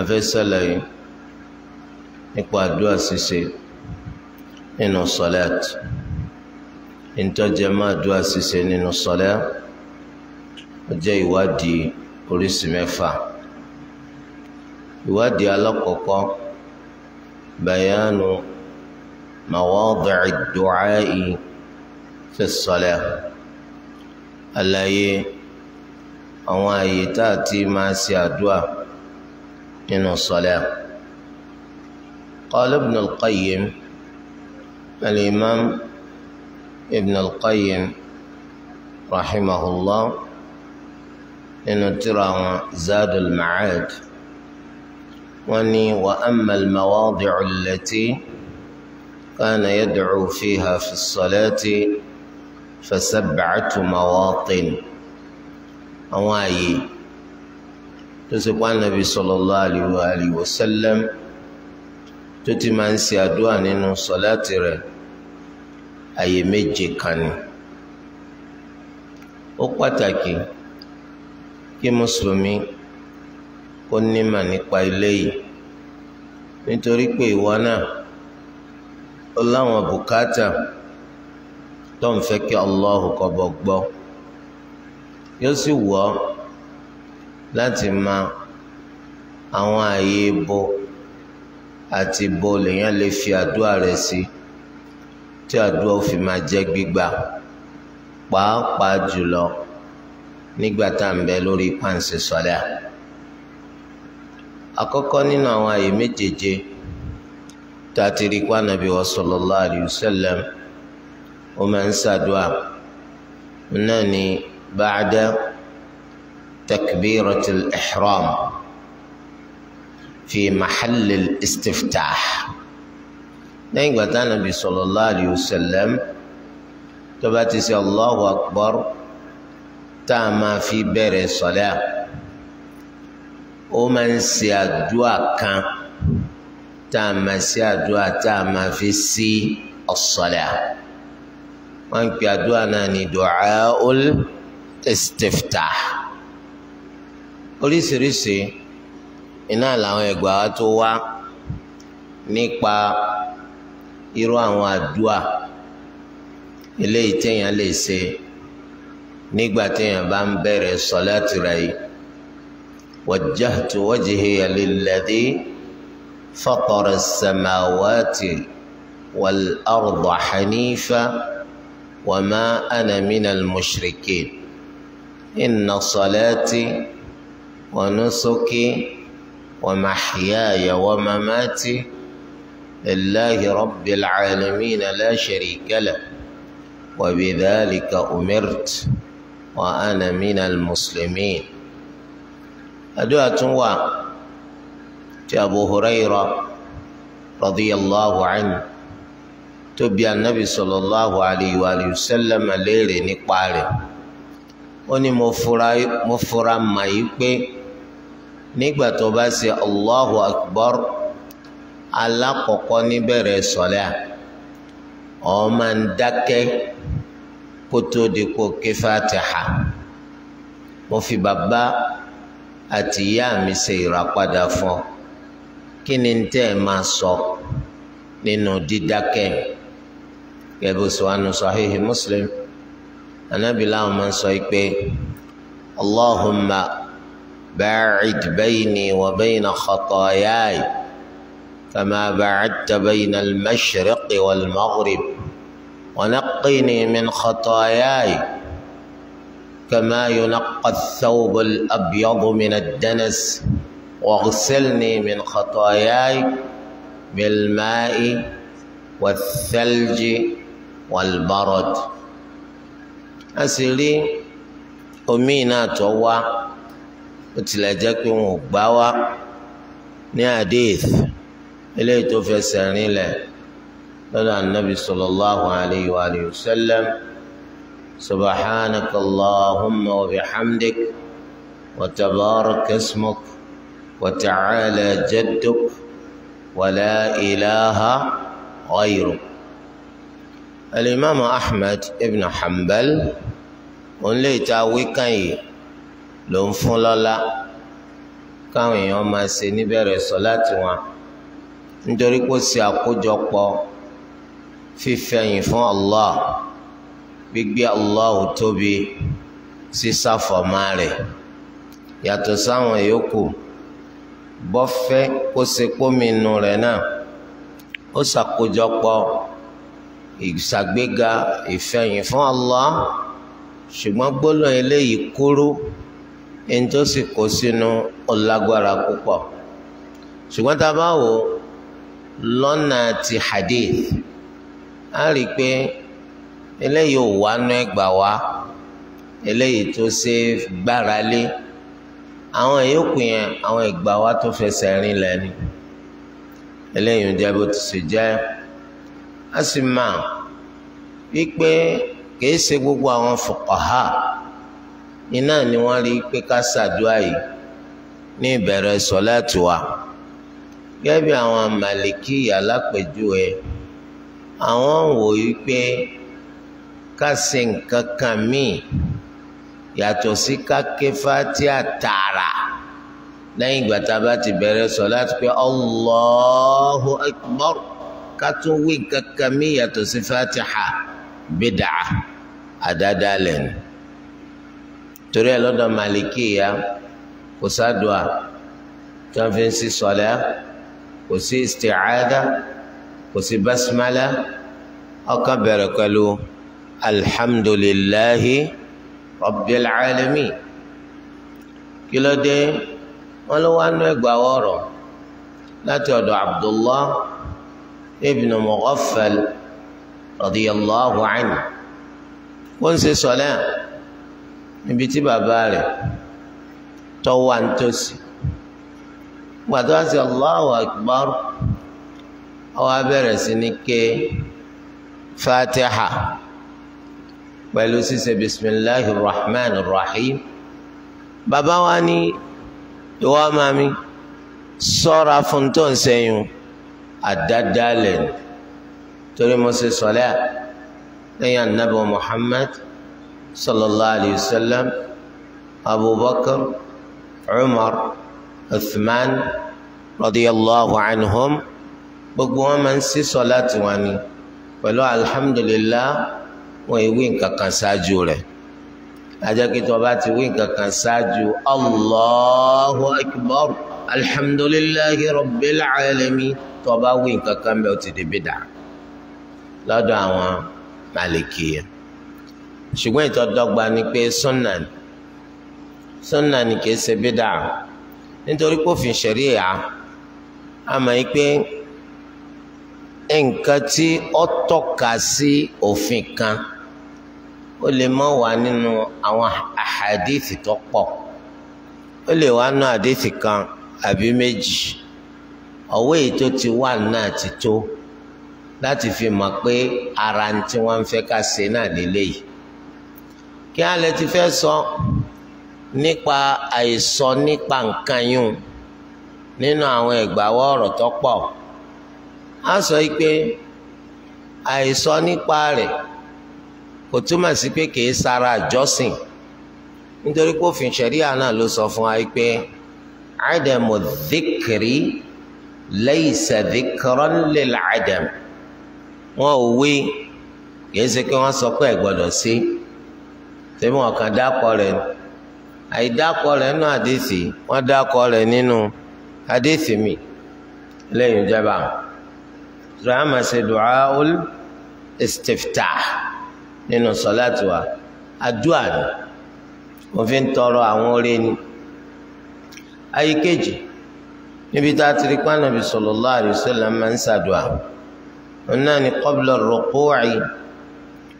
afẹ́ sàlàyé nípa àdúrà ṣíṣe nínú sọlẹ́t ìtọ́jẹ́ máa àdúrà ṣíṣe nínú sọlẹ́ ó jẹ́ ìwádìí oríṣi mẹ́fà ìwádìí alákọ̀ọ́kọ́ bayanu mawadi'i du'a'i fi àlàyé àwọn àyè tá a ti máa ṣe àdúrà. من الصلاة قال ابن القيم الإمام ابن القيم رحمه الله إن ترى زاد المعاد وني وأما المواضع التي كان يدعو فيها في الصلاة فسبعة مواطن أوايي tó ṣe pa nàbì sallallahu alayhi wa sallam tó ti máa ń ṣe àdúrà nínú sọláàtì rẹ̀ àyè méje kan ni ó pàtàkì kí mùsùlùmí kó nímà nípa ilé yìí nítorí pé ìwọ kí Allahu kó bọ́ yóò sì wọ́ láti mọ àwọn ààyè ibo àti ibo lèèyàn lè fi àdúrà rẹ̀ sí tí àdúrà ó fi máa jẹ́ gbígbà pàápàá jùlọ nígbà tá à ń bẹ lórí pàǹsì sọlá àkọ́kọ́ nínú àwọn ààyè méjèèje tá a ti rí pa nàbí wa sallallahu alayhi wa sallam ó máa ń ṣàdúrà náà ní ba'da. تكبيرة الإحرام في محل الاستفتاح lẹ́yìn ìgbà tá nàbì sallallahu alayhi wa sallam tó bá ti ṣe Allahu akbar tá a máa fi bẹ̀rẹ̀ sọ̀lá ó máa ń ṣe àdúrà kan tá a máa ṣe àdúrà tá a máa fi ṣí ọ̀sọ̀lá wọ́n ń pè àdúrà náà ní du'aul istiftah oríṣiríṣi iná làwọn ẹgbà wa tó wá nípa irú àwọn àdúà eléyìí téèyàn lè ṣe nígbà téèyàn bá ń bẹ̀rẹ̀ sọ́láàtì rẹ̀ yìí wajjahtu wajhiya lilladhi fatara as-samawati wal arda hanifa wa ma ana minal mushrikin ونسكي ومحياي ومماتي لله رب العالمين لا شريك له وبذلك أمرت وأنا من المسلمين أدعة أبو هريرة رضي الله عنه تبي النبي صلى الله عليه وآله وسلم ليلة نقبال وني مفرا مفرا ما يبقى nígbà tó bá ṣe allahu akbar alákọ̀ọ́kọ́ níbẹ̀rẹ̀ sọ́lá ó máa ń dákẹ́ kó tó di kó ké fatiha mo fi bàbá àti ìyá mi ṣe ìràpadà fún kí ni tẹ́ ẹ máa sọ nínú dídákẹ́ gẹ́gẹ́ sọ́wọ́n sahihi muslim anábìlá wọn sọ pé allahumma. باعد بيني وبين خطاياي كما بعدت بين المشرق والمغرب ونقني من خطاياي كما ينقى الثوب الأبيض من الدنس واغسلني من خطاياي بالماء والثلج والبرد أسلي أمينات توّا ó tilẹ̀ jẹ́ pé wọn ò gbá wá ní hadith eléyìí tó fẹsẹ̀ rinlẹ̀ lọ́dọ̀ anabi sallallahu alayhi wa alihi wa sallam subhanaka allahumma wa bihamdik wa tabarak ismuk wa ta'ala jadduk wa la ilaha ghayruk. الإمام أحمد بن حنبل وليت أوي كان ló ń fún lọ́lá káwọn èèyàn máa ṣe níbẹ̀rẹ̀ láti wọn nítorí pé ó ṣe àkójọpọ̀ fífẹ̀yìn fún Allah gbígbé Allah tóbi sísàfọ̀mọ́ rẹ̀ yàtọ̀ sáwọn yòókù bọ́fẹ́ kó ṣe pómìnú rẹ̀ náà ó ṣàkójọpọ̀ ìṣàgbéga ìfẹ̀yìn fún Allah ṣùgbọ́n eléyìí kúrú. ntòsí kó sínú ọlágbára púpọ̀ ṣùgbọ́n tá a bá wò lọ́nà ti hadith a rí i pé eléyìí ò wá nú ẹgbà wá eléyìí tó ṣe gbára lé àwọn yòókù yẹn àwọn ìgbà wá tó fẹsẹ̀ rìn lẹ́nu eléyìí ń jẹ́ bó ti ṣe jẹ́ a sì máa wípé kìí ṣe gbogbo àwọn fuqaha iná ni wọ́n rí pé ká ṣàdúrà yìí ní ìbẹ̀rẹ̀ sọ́láàtì wa gẹ́gẹ́ bí àwọn màlìkì alápèjúwe àwọn wò yí pé ká ṣe nǹkan kan míì yàtọ̀ sí ká ké fatia tààrà lẹ́yìn ìgbà tá a bá ti bẹ̀rẹ̀ sọ́láàtì pé Allahu Akbar ká tún wí nǹkan kan míì yàtọ̀ sí fatia bídà àdáda lẹ́nu torí ẹ lọ́dọ̀ màlìkìyà kò sádùá tí wọ́n fi ń sí sọ̀lẹ́ kò sí isti'adha kò sí basmala ọkàn bẹ̀rẹ̀ pẹ̀lú alhamdulillahi rabbil alamin kí ló dé wọn ló wá nú ẹgbà ọ̀rọ̀ láti ọ̀dọ̀ abdullah ibn mughaffal radiyallahu anhu wọ́n ń ṣe sọ̀lẹ́ níbi tí bàbá rẹ̀ tọ́wọ́ àǹtọ́sí gbàtọ́ àti Allahu Akbar ọwọ́ abẹ́rẹ́ sí ní ké fatiha pẹ̀lú ṣíṣe bisimilahi rahman rahim bàbá wa ní ìwọ ọmọ mi sọ́ra fún tó ń sẹ́yìn àdádálẹ̀ torí mo ṣe sọ́lẹ́ lẹ́yìn anabi Muhammad sallallahu alayhi wa sallam abubakar umar uthman radiyallahu anhum gbogbo wọn máa ń ṣí sọláàtì wọn ni pẹ̀lú alhamdulillah wọn ìwé nǹkan kan ṣáájú rẹ̀ ajakitọ bá ti wí kankan ṣáájú allahu akbar alhamdulilahi rabbil alamin tó bá wí kankan bẹ́ẹ̀ ó ti di bidà lọ́dọ̀ àwọn malikiya ṣùgbọ́n ìtọ́dọ́gba ni pé sunna ni sunna ni kì í ṣe bídà nítorí pófin ṣẹ̀ríà a mọ̀ yí pé nǹkan tí ó tọ́ka sí òfin kan ó lè má wà nínú àwọn àhàdíìsì tó pọ̀ ó lè wà nínú àdíìsì kan àbí méjì ọ̀wé yìí tó ti wà náà ti tó láti fi mọ̀ pé ara tí wọ́n ń fẹ́ ká ṣe náà lélẹ́yìí. kí lè ti fẹ́ sọ nípa àìsọ nípa nǹkan yún nínú àwọn ìgbàwọ́ ọ̀rọ̀ tó pọ̀ á sọ pé àìsọ nípa rẹ̀ kò túmọ̀ sí pé kì sara àjọsìn nítorí pé òfin ṣẹ̀ríà náà ló sọ fún wa pé àdàmù dhikri laysa dhikran lil wọn ò wí kì í ṣe pé sọ pé ẹ̀ tẹ̀mí wọn kàn dákọ̀ rẹ̀ àìdákọ̀ rẹ̀ nínú àdìsí wọn dákọ̀ rẹ̀ nínú àdìsí mi lẹ́yìn ìjọba rahama ṣe dùá ul istiftah nínú sọláàtì wa àdúà ni wọn fi ń tọrọ àwọn oore ni ayíkejì níbi tá a ti rí pàánà bí sallallahu alaihi máa ń ṣàdùà wọn náà ní qabla ruku'i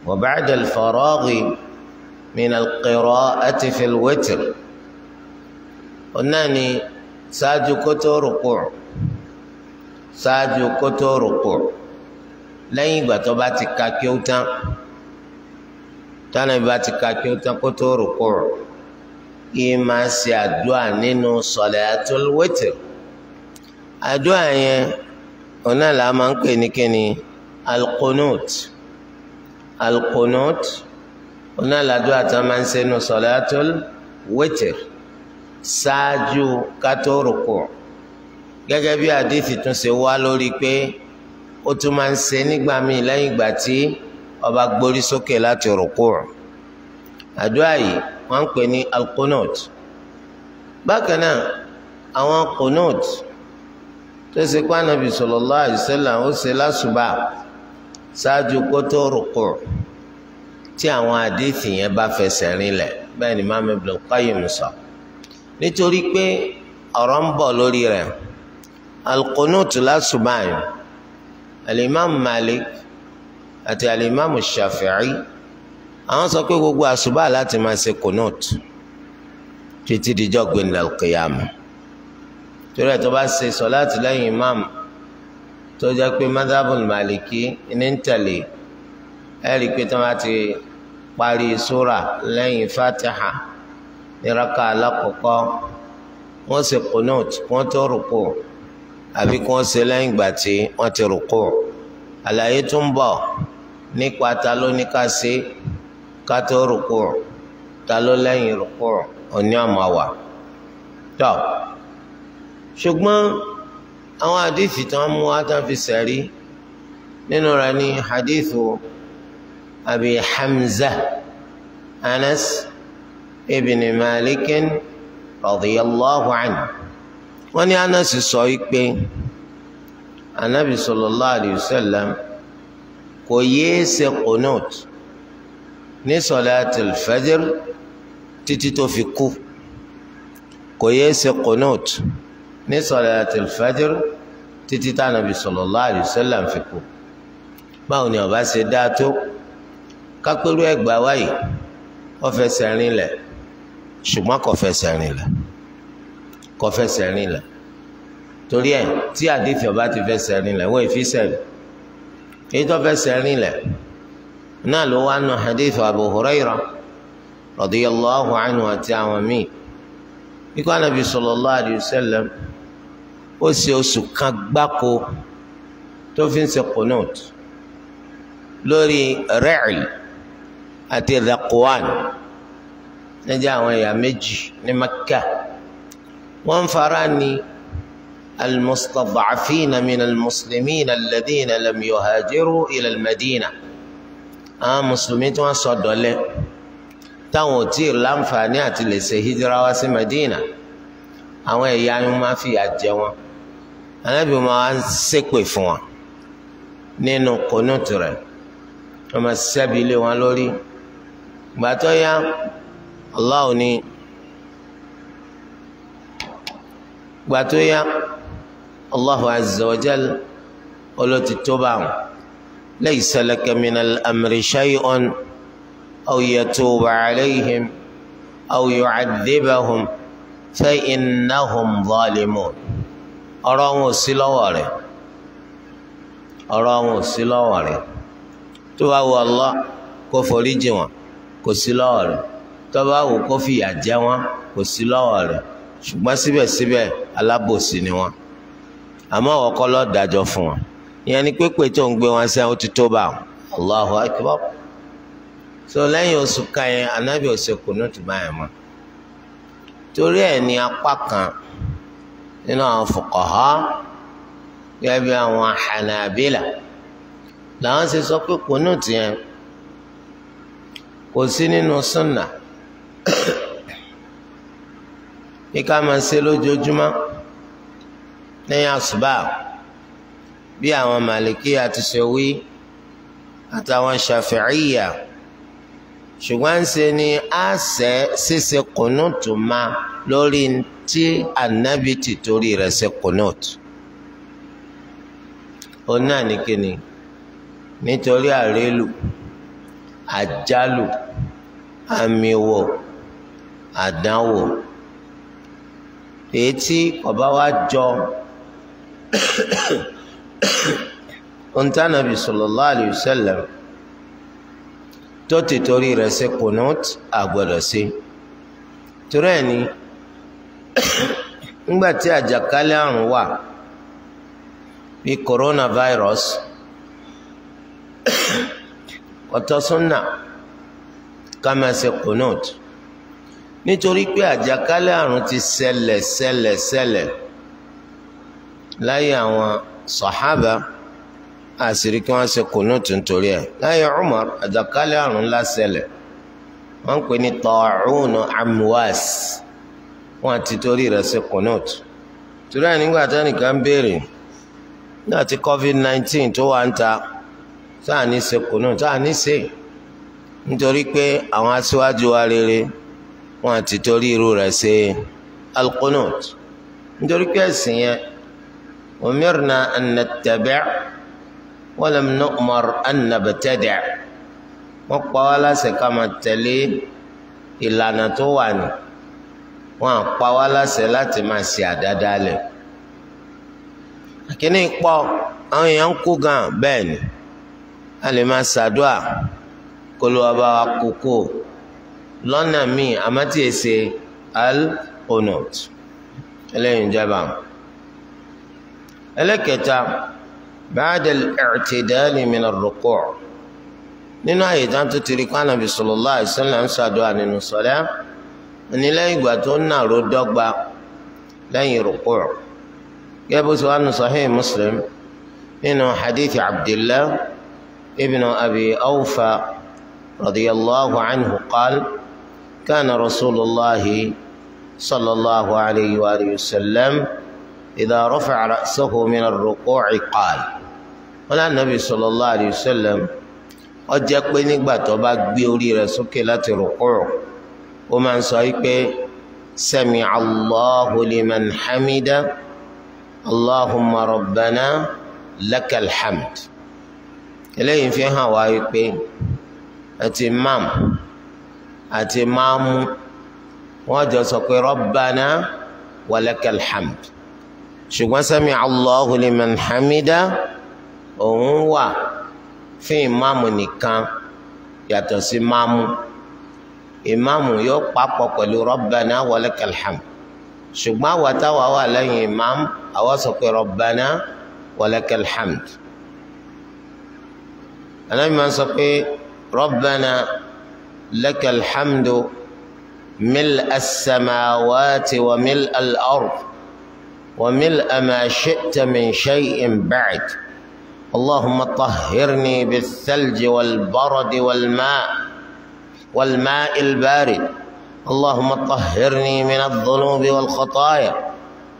wa ba'da al-faraghi. من القراءة في الوتر onani ṣáájú kótó rúkú ṣáájú kótó rúkú lẹ́yìn ìgbà tó bá ti ka kí ó tán tánà bá ti ka kí ó tán kótó rúkú yìí máa ṣe àdúrà nínú ṣọlátul wítìr àdúrà yẹn ọ̀nà là máa ń pè ní kíni alqunut alqunut oní àlàdúrà tí wọn máa ń ṣe nu sọláàtúl wẹtìr ṣáájú kátórùkù gẹ́gẹ́ bí àdìsí tún ṣe wá lórí pé ó tún máa ń ṣe nígbà míì lẹ́yìn ìgbà tí ó bá gbórí sókè láti rùkù wọn ń pè ní alqunut bákan náà àwọn qunut tó ṣe pé Ànábì sallallahu alaihi wasallam ó ṣe lásùbà ṣáájú kótó rùkù tí àwọn àdéhìí yẹn bá fẹsẹ̀ rinlẹ̀ bẹ́ẹ̀ ni Imam Ibn Qayyim sọ nítorí pé ọ̀rọ̀ ń bọ̀ lórí rẹ̀ al-qunut lásùmáyò alimami Malik àti alimami Shafi'i àwọn sọ pé gbogbo àṣùbà láti máa ṣe qunut títí dijọ́ gbẹ̀ndà al torí ẹ̀ tó bá ṣe sọ láti lẹ́yìn imam tó jẹ́ pé madhabul Maliki ní ń tẹ̀lé ẹ̀rí pé tí wọ́n ti parí sura lẹ́yìn fatiha níraka alákọ̀ọ́kọ́ wọ́n ṣe qunut wọ́n tó rúkú àbí kí wọ́n ṣe lẹ́yìn ìgbà tí wọ́n ti rúkú àlàyé tó ń bọ̀ nípa ta ló ní ká ṣe ká tó rúkú ta ló lẹ́yìn rúkú òní àmọ́ wà tọ́ ṣùgbọ́n àwọn àdìsí tí wọ́n mú wá tán fi sẹ̀rí nínú rẹ̀ ní hadithu. أبي حمزة أنس ابن مالك رضي الله عنه وأني أنس الصعيق بي النبي صلى الله عليه وسلم كويس قنوت ní sọláàtì fẹjẹr títí tó fi kú kò yéé ṣe qunut ní sọláàtì fẹjẹr títí tánàbí sallallahu alaihi wasallam fi kú báwo ni ọba ṣe dáa tó kápẹ́rú ẹgbàá wáyé ó fẹsẹ̀ rinlẹ̀ ṣùgbọ́n kò fẹsẹ̀ rinlẹ̀ kò fẹsẹ̀ rinlẹ̀ torí ẹ̀ tí àdìfẹ́ bá ti fẹsẹ̀ rinlẹ̀ wọ́n èfi sẹ́yìn èyí tó fẹsẹ̀ rinlẹ̀ náà ló wá nù hadith Abu Hurairah radiyallahu anhu àti àwọn míì ikú anabi sallallahu alayhi wa sallam ó ṣe oṣù kan gbáko tó fi ń ṣe qunut lórí rẹ́ẹ̀lì àti Dhakwaan níjà àwọn ẹ̀yà méjì ní Makka wọ́n ń fara ní almustad'afina min almuslimina alladhina lam yuhajiru ila almadina àwọn mùsùlùmí tí wọ́n sọ dọ̀lẹ́ táwọn ò tí ì láǹfààní àti lè ṣe hijira wá sí Madina àwọn ẹ̀yà ayún máa fìyà jẹ wọn anábì máa ń ṣépè fún wọn nínú kònútù rẹ̀ wọ́n máa ṣẹ́bi lé wọn lórí gbàtọ́ ya Allah ni gbàtọ́ ya Allahu azza wa jal olóòtú tó bá wọn laysa laka minal amri shay'un aw yatuba alayhim aw yu'adhibahum fa innahum zalimun ọ̀rọ̀ wọn ò sí lọ́wọ́ rẹ̀ ọ̀rọ̀ wọn ò sí lọ́wọ́ rẹ̀ tó bá wọ Allah kó foríjì wọn kò sí lọ́wọ́ rẹ̀ tó bá wù kó fìyà jẹ wọ́n kò sí lọ́wọ́ rẹ̀ ṣùgbọ́n síbẹ̀síbẹ̀ alábòsí ni wọ́n àmọ́ àwọn kọ́ lọ́ọ́ dájọ́ fún wọn ìyẹn ni pépè tó ń gbé wọn sẹ́yìn ó ti tó bá wọn Allahu akbar so lẹ́yìn oṣù kan yẹn anábì ò ṣe kùnúùtù báyìí mọ́ torí ẹ̀ ní apá kan nínú àwọn fuqaha gẹ́gẹ́ bí àwọn Hanabila làwọn ṣe sọ pé kùnúùtù yẹn kò sí nínú sunna bí ká máa ṣe lójoojúmọ́ lẹ́yìn àṣùbà bí àwọn màlìkíyà ti ṣe wí àtàwọn ṣàfíìyà ṣùgbọ́n ṣe ni a ṣe ṣíṣe kùnúùtù ma lórí tí ànábì ti torí rẹ̀ ṣe kùnúùtù. ó náà ní kíni nítorí àrélù. àjálù àmìwò àdánwò èyí tí ọba wa jọ ontanabi sallallahu alayhi wa sallam tó ti torí rẹ̀ ṣe kunut àgbọ́dọ̀ sí torí ẹ̀ ni ńgbà tí àjàkálẹ̀ àrùn wà ọ̀tọ̀ súnà ká máa ṣe kunut nítorí pé àjàkálẹ̀ àrùn ti ṣẹlẹ̀ ṣẹlẹ̀ ṣẹlẹ̀ láyé àwọn sàhábà àṣírí kí wọ́n ṣe kunut nítorí ẹ̀ láyé Umar àjàkálẹ̀ àrùn ńlá ṣẹlẹ̀ wọ́n ń pè ní tọ̀ọ̀rùn amwas wọ́n ti torí rẹ̀ ṣe kunut torí ẹ̀ nígbà tẹ́nìkan ń béèrè ní àti covid nineteen tó wà ń ta sáà ní ṣe kùnú sáà ní ṣe nítorí pé àwọn aṣíwájú wa rere wọn àti torí irú rẹ̀ ṣe alqunut nítorí pé ẹ̀sìn yẹn umirna an nattabi' wa lam nu'mar an nabtadi' wọn pa wá láṣẹ ká máa tẹ̀lé ìlànà tó wà ní wọn pa wá láṣẹ láti máa ṣe àdáadáa lẹ àkíní pọ àwọn èèyàn ń kú gan bẹ́ẹ̀ ni a lè máa ṣàdúà kó ló wá bá wa kókó lọ́nà míì àmọ́ tí ì ṣe al onot ẹlẹ́yìn ìjọba ẹlẹ́kẹta ba'da al-i'tidal min ar-ruku' nínú àyè tán tó ti rí kó Ànábì sallallahu alaihi wasallam ń ṣàdúà nínú sọlẹ́ ní lẹ́yìn ìgbà tó Muslim nínú hadith Abdillah. ابن أبي أوفى رضي الله عنه قال كان رسول الله صلى الله عليه وآله وسلم إذا رفع رأسه من الركوع قال قال النبي صلى الله عليه وسلم ọjẹ pé nígbà tó bá gbé orí rẹ̀ sókè láti rùkúrù ó máa ń sọ wípé sami allahu liman hamida allahumma rabbana eléyìí fi hàn wá wípé àti imam àti maamu wọ́n jọ sọ pé rabbana walakal hamd ṣùgbọ́n sami allahu liman hamida òun wà fún ìmáàmù nìkan yàtọ̀ sí máàmù ìmáàmù yóò papọ̀ pẹ̀lú rabbana walakal hamd ṣùgbọ́n àwa táwa wà lẹ́yìn ìmáàmù àwa sọ pé rabbana walakal hamd. الأمام سقي ربنا لك الحمد ملء السماوات وملء الأرض وملء ما شئت من شيء بعد اللهم طهرني بالثلج والبرد والماء والماء البارد اللهم طهرني من الذنوب والخطايا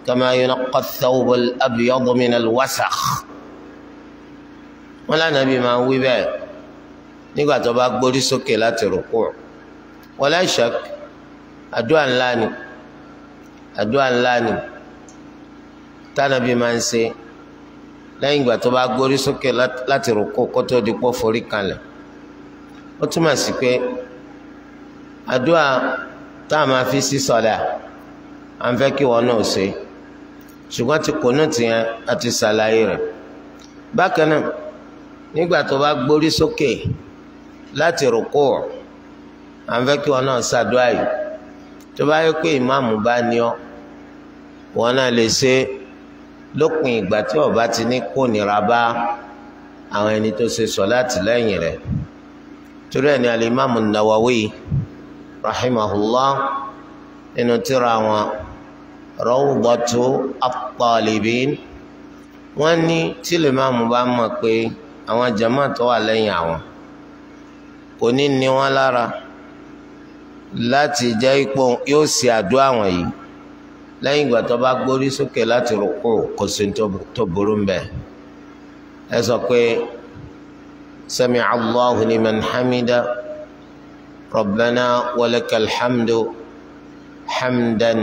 كما ينقى الثوب الأبيض من الوسخ wọn lánàbí máa ń wí bẹ́ẹ̀ nígbà tó bá gbórí sókè láti rúkú wala shak àdúrà ńlá ni àdúrà ńlá ni tánàbí máa ń ṣe lẹ́yìn ìgbà tó bá gbórí sókè láti rúkú kó tó di pọ́ forí kalẹ̀ ó túmọ̀ sí pé àdúrà tá a máa fi sí sọ̀dà à ń fẹ́ kí wọn náà ṣe ṣùgbọ́n ti kùnú tìyẹn àti ṣàlàyé rẹ̀ bákan náà nígbà tó bá gbórí sókè láti rúkú à ń fẹ́ kí wọn náà ṣàdúrà yìí tó bá yẹ pé ìmáàmù bá ní ọ wọn náà lè ṣe lópin ìgbà tí ó bá ti ní kó nira bá àwọn ẹni tó ṣe sọ̀láàtì lẹ́yìn rẹ̀ torí ẹni alimami nawawi rahimahullah nínú tírà wọn Rawdatu at wọn ní tí lè bá mọ̀ pé àwọn jama tó wà lẹ́yìn àwọn kò ní ní wọn lára láti jẹ́ ipò yóò ṣe àdó àwọn yìí lẹ́yìn ìgbà tó bá gbórí sókè láti rúkú kò sí tó burú mbẹ́ ẹ sọ pé sami'a Allahu liman hamida rabbana walakal hamdu hamdan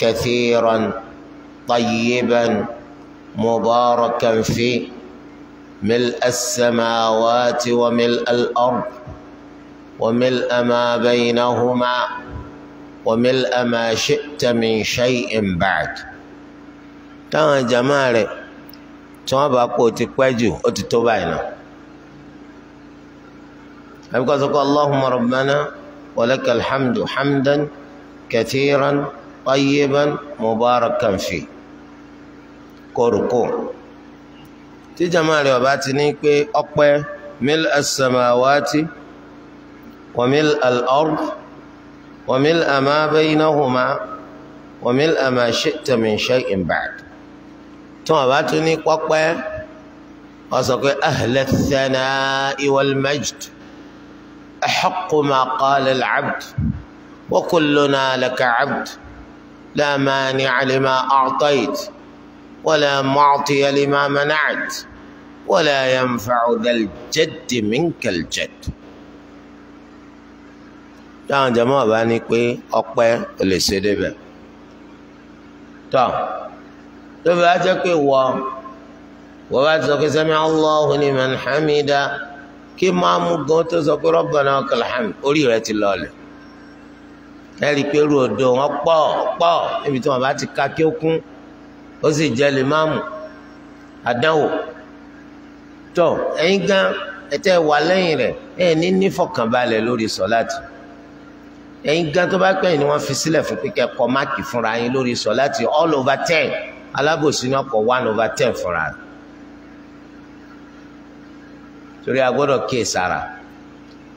kathiran tayyiban mubarakan fi. ملء السماوات وملء الأرض وملء ما بينهما وملء ما شئت من شيء بعد تان جمال تان باكو تكواجو وتتوبعنا أبقى اللهم ربنا ولك الحمد حمدا كثيرا طيبا مباركا فيه كركو tí jama rẹ ọba ti ní pé ọpẹ́ mil as-samawati wa mil al-ard wa mil ama baynahuma wa mil ama shi'ta min shay'in ba'd to wọn bá ní pọpẹ wọn sọ pé ahla ath-thana'i wal majd ahaqqu ma qala al-'abd wa kulluna laka 'abd la mani'a lima a'tayt. ولا معطي لما منعت ولا ينفع ذا الجد منك الجد táwọn jàmáà bá ní pé ọpẹ́ ò lè ṣe débẹ̀ tó tó bá jẹ́ pé wọ wọ́n bá ti sọ pé sami Allahu liman hamida kí máàmù gan tó sọ pé rabbana lakal orí rẹ̀ ti lọlẹ̀ ẹ rí i pé ròdò wọn pọ̀ pọ̀ níbi tí wọn bá ti ka kí ó kún ó sì jẹ́ limamu àdánwò tó ẹ̀yin gan ẹ̀tẹ́ wà lẹ́yìn rẹ̀ ẹ̀ ní nífọ̀kànbalẹ̀ lórí sọ́láàtì ẹ̀yin gan tó bá pẹ́yìn ni wọ́n fi sílẹ̀ fún pé kẹ́kọ̀ọ́ máàkì fúnra yín lórí sọ́láàtì all over ten alábòsí náà kọ̀ one over ten fúnra rẹ̀ torí a gbọ́dọ̀ kíyè sára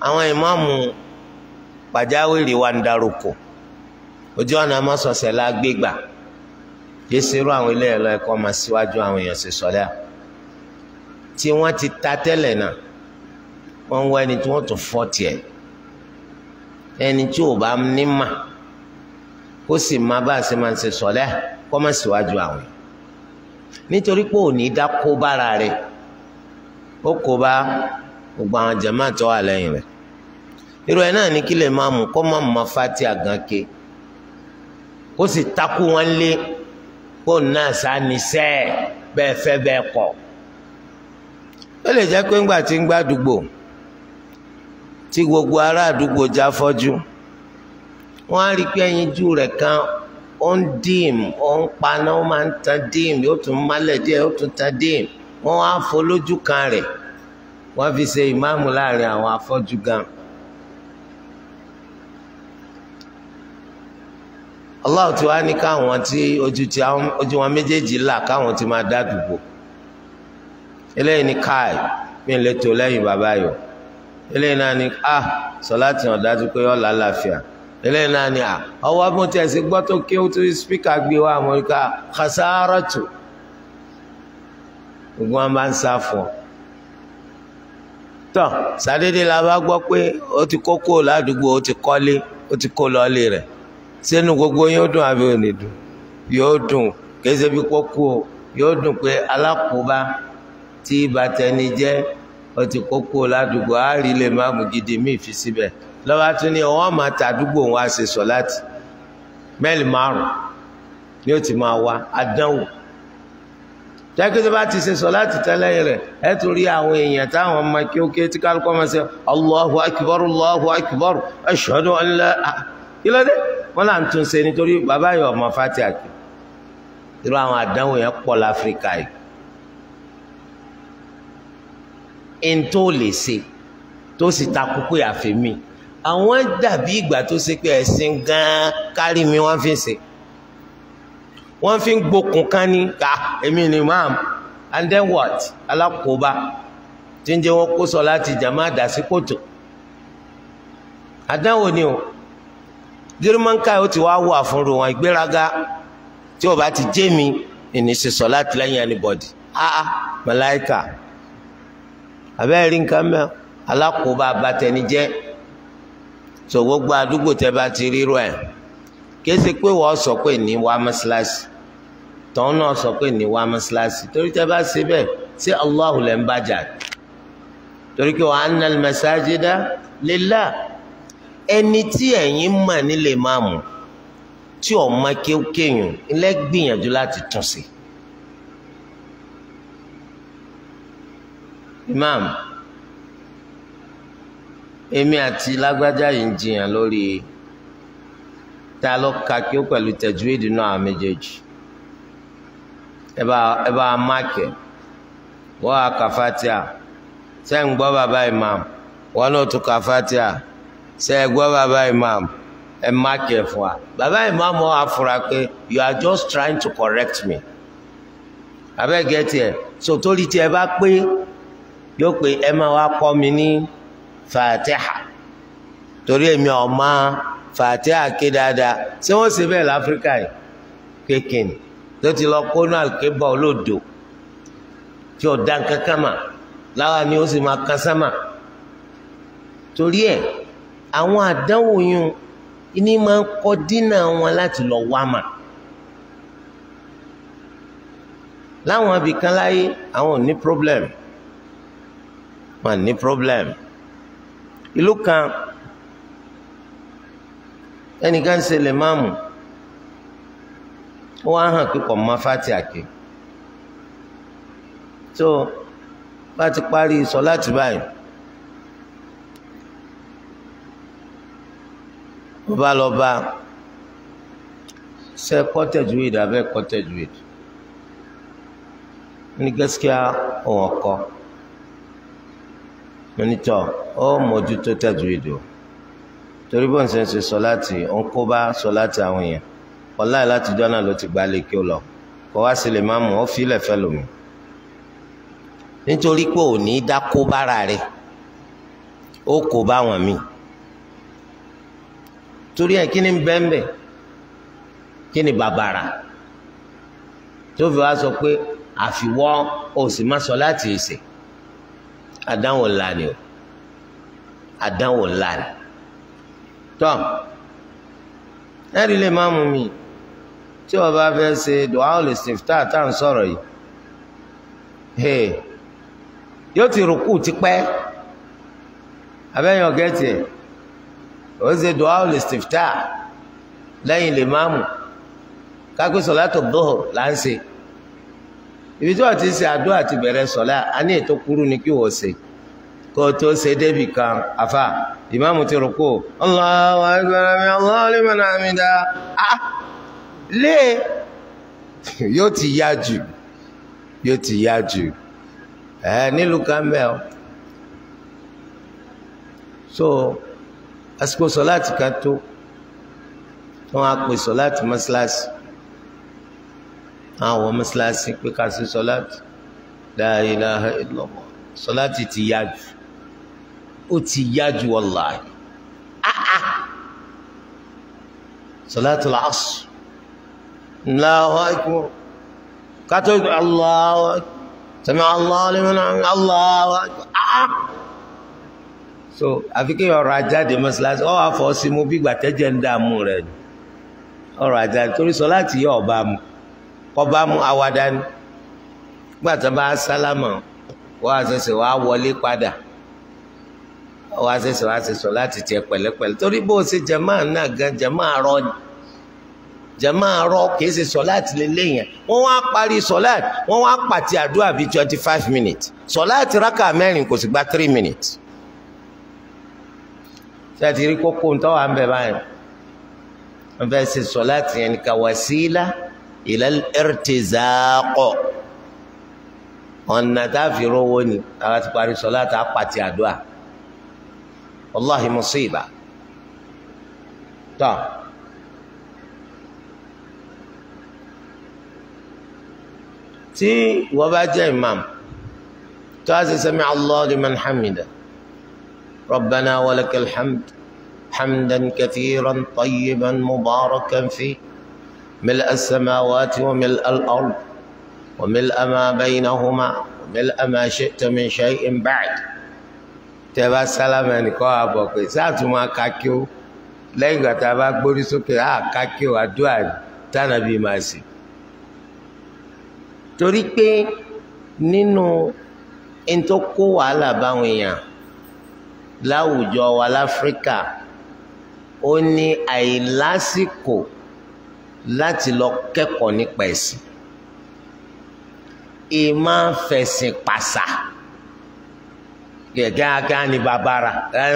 àwọn ìmáàmù pàjáwìrì wa ń darúkọ ojú ọ̀nà amásọ̀sẹ̀ la gbégbà yéésì irú àwọn ilé ẹ̀rọ ẹ̀kọ́ máa síwájú àwọn èèyàn ṣe sọ́lá tí wọ́n ti ta tẹ́lẹ̀ náà wọ́n ń wá ẹni tí wọ́n tún fọ́ tiẹ̀ ẹni tí ò bá ní mà kó sì má bá a ṣe máa ṣe sọ́lá kó máa síwájú àwọn nítorí pé òní dá kó bára rẹ̀ ó kó bá gbogbo àwọn jàmáà tó wà lẹ́yìn rẹ̀ irú ẹ̀ náà ní kí lè máa mú kó má mú ma fati àgànke kó sì takú wọn lé kóun náà sá níṣẹ́ bẹ́ẹ̀ fẹ́ bẹ́ẹ̀ kọ̀ ó lè jẹ́ pé ńgbà tí ń gbàdúgbò tí gbogbo ará àdúgbò já fọ́jú wọ́n á rí pé ẹyinjú rẹ̀ kan ó ń dìm ó ń paná ó máa ń tan dìm yóò tún málẹ̀ díẹ̀ yóò tún tan dìm wọ́n á folójú kan rẹ̀ wọ́n fi ṣe ìmáàmù láàrin àwọn afọ́jú gan-an. Allah ti wá ní káwọn tí ojú wọn méjèèjì là káwọn ti máa dá dùbò eléyìí ní káì mi lè tó lẹ́yìn bàbá yọ eléyìí náà ní a ah, sọláàtì hàn dájú pé ọ̀la láfíà eléyìí náà ní a ah, ọwọ́ mo tẹ̀ sí gbọ́ tó kí ó tó spíkà gbé wá amọ̀ríkà ah, kàṣàárọ̀tù gbogbo wọn bá ń sá fún ọ. tọ́ sàdédé la bá gbọ́ pé ó ti kókó ládùúgbò ó ti kọ́lé ó ti kó lọ́ọ́lé rẹ̀ sẹ́nu gbogbo yóò dùn àbí ò ní dùn yóò dùn kẹsẹ́ bí kókó o yóò dùn pé alákòóbá tí bàtẹ́ni jẹ́ ó ti kókó ládùúgbò àárí lè má mú gidi míì fi síbẹ̀ lọ́wọ́ tún ní ọwọ́ máa ta àdúgbò wọn àṣẹ sọ láti mẹ́lì márùn ni ó ti máa wá àdánwò tẹ́kítẹ́ bá ti ṣe sọ láti tẹ́lẹ̀ rẹ̀ ẹ tún rí àwọn èèyàn táwọn ọmọ kí ó ké tí kálukọ́ máa ṣe Allahu akbar Allahu akbar ashhadu an la ilaha illallah wọ́n là ń tún ṣe nítorí bàbá yìí ọmọ fatia kì irú àwọn àdánwò yẹn pọ̀ láfíríkà yìí ntó lè ṣe tó sì takú pé àfẹ́mi àwọn dàbí ìgbà tó ṣe pé ẹ̀sìn gan-an kárí mi wọ́n fi ń ṣe wọ́n fi ń gbókun kan ká èmi ni imam and then what alákòóbá tí ń jẹ́ wọ́n kó sọ láti jàmá dà sí kòtò àdánwò ni o gírímọ̀ǹkà ó ti wá wà fún ru wọn ìgbéraga tí ó bá ti jẹ́ mi ìní ṣe sọ láti lẹ́yìn anybody aa ah, ah, màláìkà àbẹ́ẹ̀ rí nǹkan mẹ́ alákòóbá abatẹni jẹ́ tó gbogbo àdúgbò tẹ́ bá ti ríro ẹ̀ kése pé wọ́n sọ pé ní wàá mọ́ṣáláṣí tọ́hún náà sọ pé ní wàá mọ́ṣáláṣí torí tẹ́ bá ṣe bẹ́ẹ̀ ṣé Allahu lẹ́ ń bàjá torí pé wa anna al-masajida lillah ẹni tí ẹ̀yin mọ̀ nílé máa mú tí ọmọ kéwkéyùn ilé gbìyànjú láti tún sí. imam èmi àti lágbájá yìí ń jiyàn lórí ta ló ka kí ó pẹ̀lú tẹ̀júwèdì náà méjèèjì ẹ bá ẹ máàkì wọ́n á kà fatia gbọ́ bàbá imam wọ́n náà tún kà ṣe ẹ gbọ́ imam ẹ má kí ẹ fún wa bàbá imam ọ afura pé you are just trying to correct me abẹ́gẹ́ tiẹ̀ so torí tiẹ̀ bá pé yóò pé ẹ máa wá kọ́ mi ní fatiha torí èmi ọ̀ máa fàtíà ké dáadáa ṣé wọ́n ṣe bẹ́ẹ̀ láfíríkà yìí kékeré tó ti lọ kónú àkébọ̀ olódò tí ọ̀dà kankan mà láwa ni ó sì máa kan sámà torí ẹ̀ àwọn àdánwò yun ní máa ń kọ́ dínà wọn láti lọ wá mà láwọn abìkan láyé àwọn ò ní problem wọn ní problem ìlú kan ẹnìkan ṣe lè máa mú ó wá hàn kíkọ mọ fati àké tó bá ti parí sọ láti báyìí. mo bá lọ bá ṣe kọ́tẹ̀jú ìdí abẹ́ kọ́tẹ̀jú ìdí ní gẹ́síkíá òun ọkọ onítọ̀ ó mójútó tẹ̀jú ìdí o torí bó ń ṣe ń ṣe sọ láti òun kó bá sọ láti àwọn èèyàn ọ̀la ẹ̀ láti jọ́ náà ló ti gba lèkè lọ kọ́ wá sí lè má mú ọ́ fílẹ̀ fẹ́ lómi nítorí pé òní dá kó bára rẹ̀ ó kó bá wọn míì torí ẹ̀ kí ni bẹ́ẹ̀nbẹ́ kí ni bàbàrà tó fi wá sọ pé àfiwọ́ o sì má sọ láti ẹsẹ̀ àdánwò ńlá ni o àdánwò ńlá ni tọ́ ẹ̀rí lè má mú mi tí wọ́n bá fẹ́ ṣe dùá olè sèftà tá à ń sọ̀rọ̀ yìí yóò ti rùkú tipẹ́ abẹ́yẹn ọ̀gẹ́tì ẹ̀ ó ń ṣe dùá ò lè sèftà lẹ́yìn lè máàmù kápé sọlá tó dóhò là ń ṣe ibi tí wọ́n ti ṣe àdúrà ti bẹ̀rẹ̀ sọlá a ní ètò kúrú ni kí wọ́n ṣe kó tó ṣe débì kan àfà ìmáàmù ti rúkú Allahu akbar Allahu liman hamida á lé yóò ti yá jù yóò ti yá jù àsìkò sọláàtì kan tó wọn á pè sọláàtì mọ́ṣáláṣí àwọn mọ́ṣáláṣí pé ká sí sọláàtì la ilaha illallah sọláàtì ti yá jù ó ti yá jù wallahi sọláàtì làásù Allahu akbar kátó Allahu akbar sami Allahu liman Allahu akbar so àfi kí ọrọ̀ ajáde mọ́ṣáláṣí ọ̀ àfọ̀ sí mu bí gbàtẹ́jẹ́ ń dààmú rẹ̀ ni ọrọ̀ ajáde torí sọ láti yọ ọba mu kọba mu awada ni gbàtà bá sálámà wọ́n àṣẹṣe wàá wọlé padà wọ́n àṣẹṣe wàá ṣe sọ láti tiẹ̀ pẹ̀lẹ́pẹ̀lẹ́ torí bó o ṣe jẹ̀má náà gan jẹ̀má rọ ni jẹ̀má rọ kìí ṣe sọ láti lélẹ́ yẹn wọ́n wá parí sọ láti wọ́n wá pàtí àdúrà bíi twenty five minutes sọ láti rákà mẹ́rin kò sì gba three minutes tí a ti rí kókó ń tọ́wọ́ à ń bẹ̀ báyìí wọ́n fẹ́ ṣe sọ̀láàtì yẹn nìkan wàsílà ila al-irtizaq ọ̀nà tá a fi rówó ni àwa ti parí sọ̀láàtì apàtì àdúrà wallahi musiba tọ́. tí wọ́n bá jẹ́ imam tó a ṣe sami'a Allahu liman ربنا ولك الحمد حمدا كثيرا طيبا مباركا فيه ملء السماوات وملء الأرض وملء ما بينهما وملء ما شئت من شيء بعد تبا سلام عليكم أبو كيسات ما كاكيو lẹ́yìn ìgbà tá a bá gbórí sókè á kákí o àdúrà tánàbí máa sì. torí pé láwùjọ wa láfíríkà ó ní àìlásìkò láti lọ kẹ́kọ̀ọ́ nípa ẹ̀sìn ìmọ̀ fẹ̀sìn pàṣà gẹ̀gẹ́ aká ni bàbára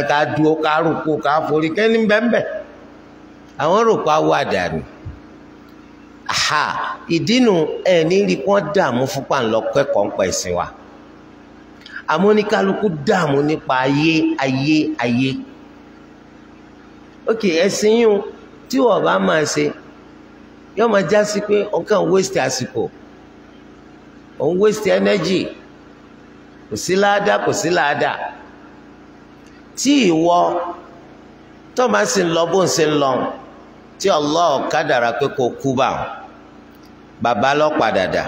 ká dúró ká rúkú ká forí kẹ́ni bẹ́ẹ̀nbẹ́ àwọn rògbò awà dànù ìdínú ẹ̀ ní rí kí wọ́n dààmú fúnpá ńlọ kẹ́kọ̀ọ́ ń ẹ̀sìn wa àmọ́ ní kálukú dààmú nípa ayé ayé ayé ok ẹ̀sìn yìí tí wọ́n bá máa ṣe yóò máa já sí pé ọ̀kan waste àsìkò òun waste energy kò sí láàdá kò sí láàdá tí ìwọ tó sì ń lọ bó ń ṣe ń lọ tí Allah kádàrá pé kò kú bá wọn bàbá lọ padà dà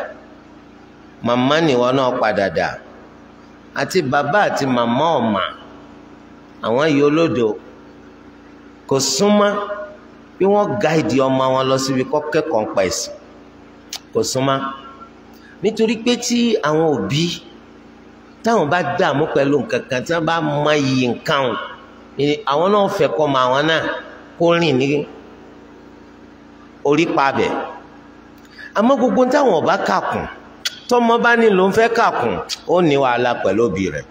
màmá nìwọ náà padà dà àti bàbá àti màmá ọ̀mà àwọn yìí olódò kò súnmọ́ bí wọ́n gáìdì ọmọ wọn lọ síbi kọ́ kẹ́kọ̀ọ́ pa ẹ̀sìn kò súnmọ́ nítorí pé tí àwọn òbí táwọn bá dààmú pẹ̀lú nǹkan kan tí wọ́n bá mọ iyì nǹkan o àwọn náà fẹ́ kọ́ ọmọ àwọn náà kó rìn ní orí pa bẹ̀ àmọ́ gbogbo táwọn ọba kà tọmọ bá ní ló ń fẹ́ kàkùn ó ní wàhálà pẹ̀lú òbí rẹ̀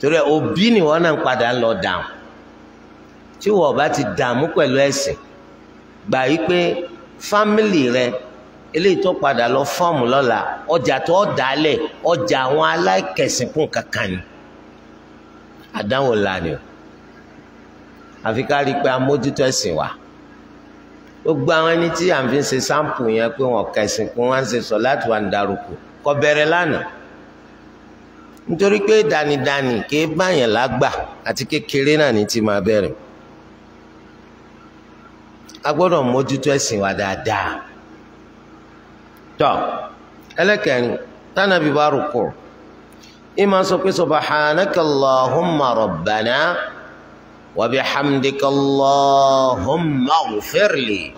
torí ẹ òbí ni wọn náà ń padà ń lọ dààmú tí wọn bá ti dààmú pẹ̀lú ẹ̀sìn gbà yí pé fámìlì rẹ eléyìí tó padà lọ fọ́ọ̀mù lọ́la ọjà tó dálẹ̀ ọjà àwọn aláìkẹsìnkún kankan ni àdánwò lánìí àfi ká rí i pé amójútó ẹ̀sìn wa. gbogbo àwọn ẹni tí à ń fi ṣe sáǹpù yẹn pé wọn kẹsìn pé wọn ń ṣe sọ láti wà ń darúkọ kọ bẹ̀rẹ̀ lánàá nítorí pé dànìdànì kìí báyàn lágbà àti kékeré náà ní ti máa bẹ̀rẹ̀ a gbọ́dọ̀ mójútó ẹ̀sìn wa dáadáa tọ́ ẹlẹ́kẹ̀rin tánàbí bá rúkọ̀ ìmọ̀ sọ pé وبحمدك اللهم اغفر لي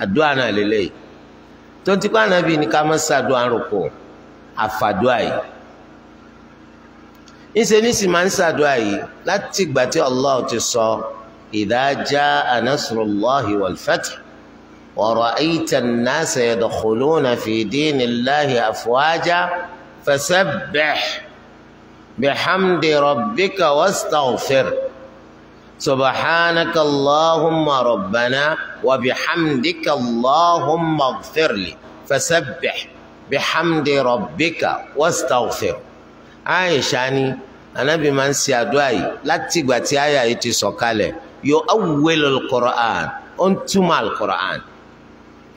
àdúà náà lélẹ́yìí tó ń ti pa ànábì ní ká má ṣàdúà rúkú àfàdúà yìí ńṣe ní sì máa ń ṣàdúà yìí láti ìgbà tí Allah ti sọ idha jaa nasrullahi wal fath wa ra'ayta an-nasa yadkhuluna fi dinillahi afwaja subhanaka allahumma rabbana wa bihamdika allahumma ighfirli fasabbih bihamdi rabbika wastaghfir. aisha ni anabi máa ń ṣe àdúrà yìí látìgbà tí àyà yìí ti sọ̀kalẹ̀ yóò awwelu al-Qur'an ó ń túmọ̀ al-Qur'an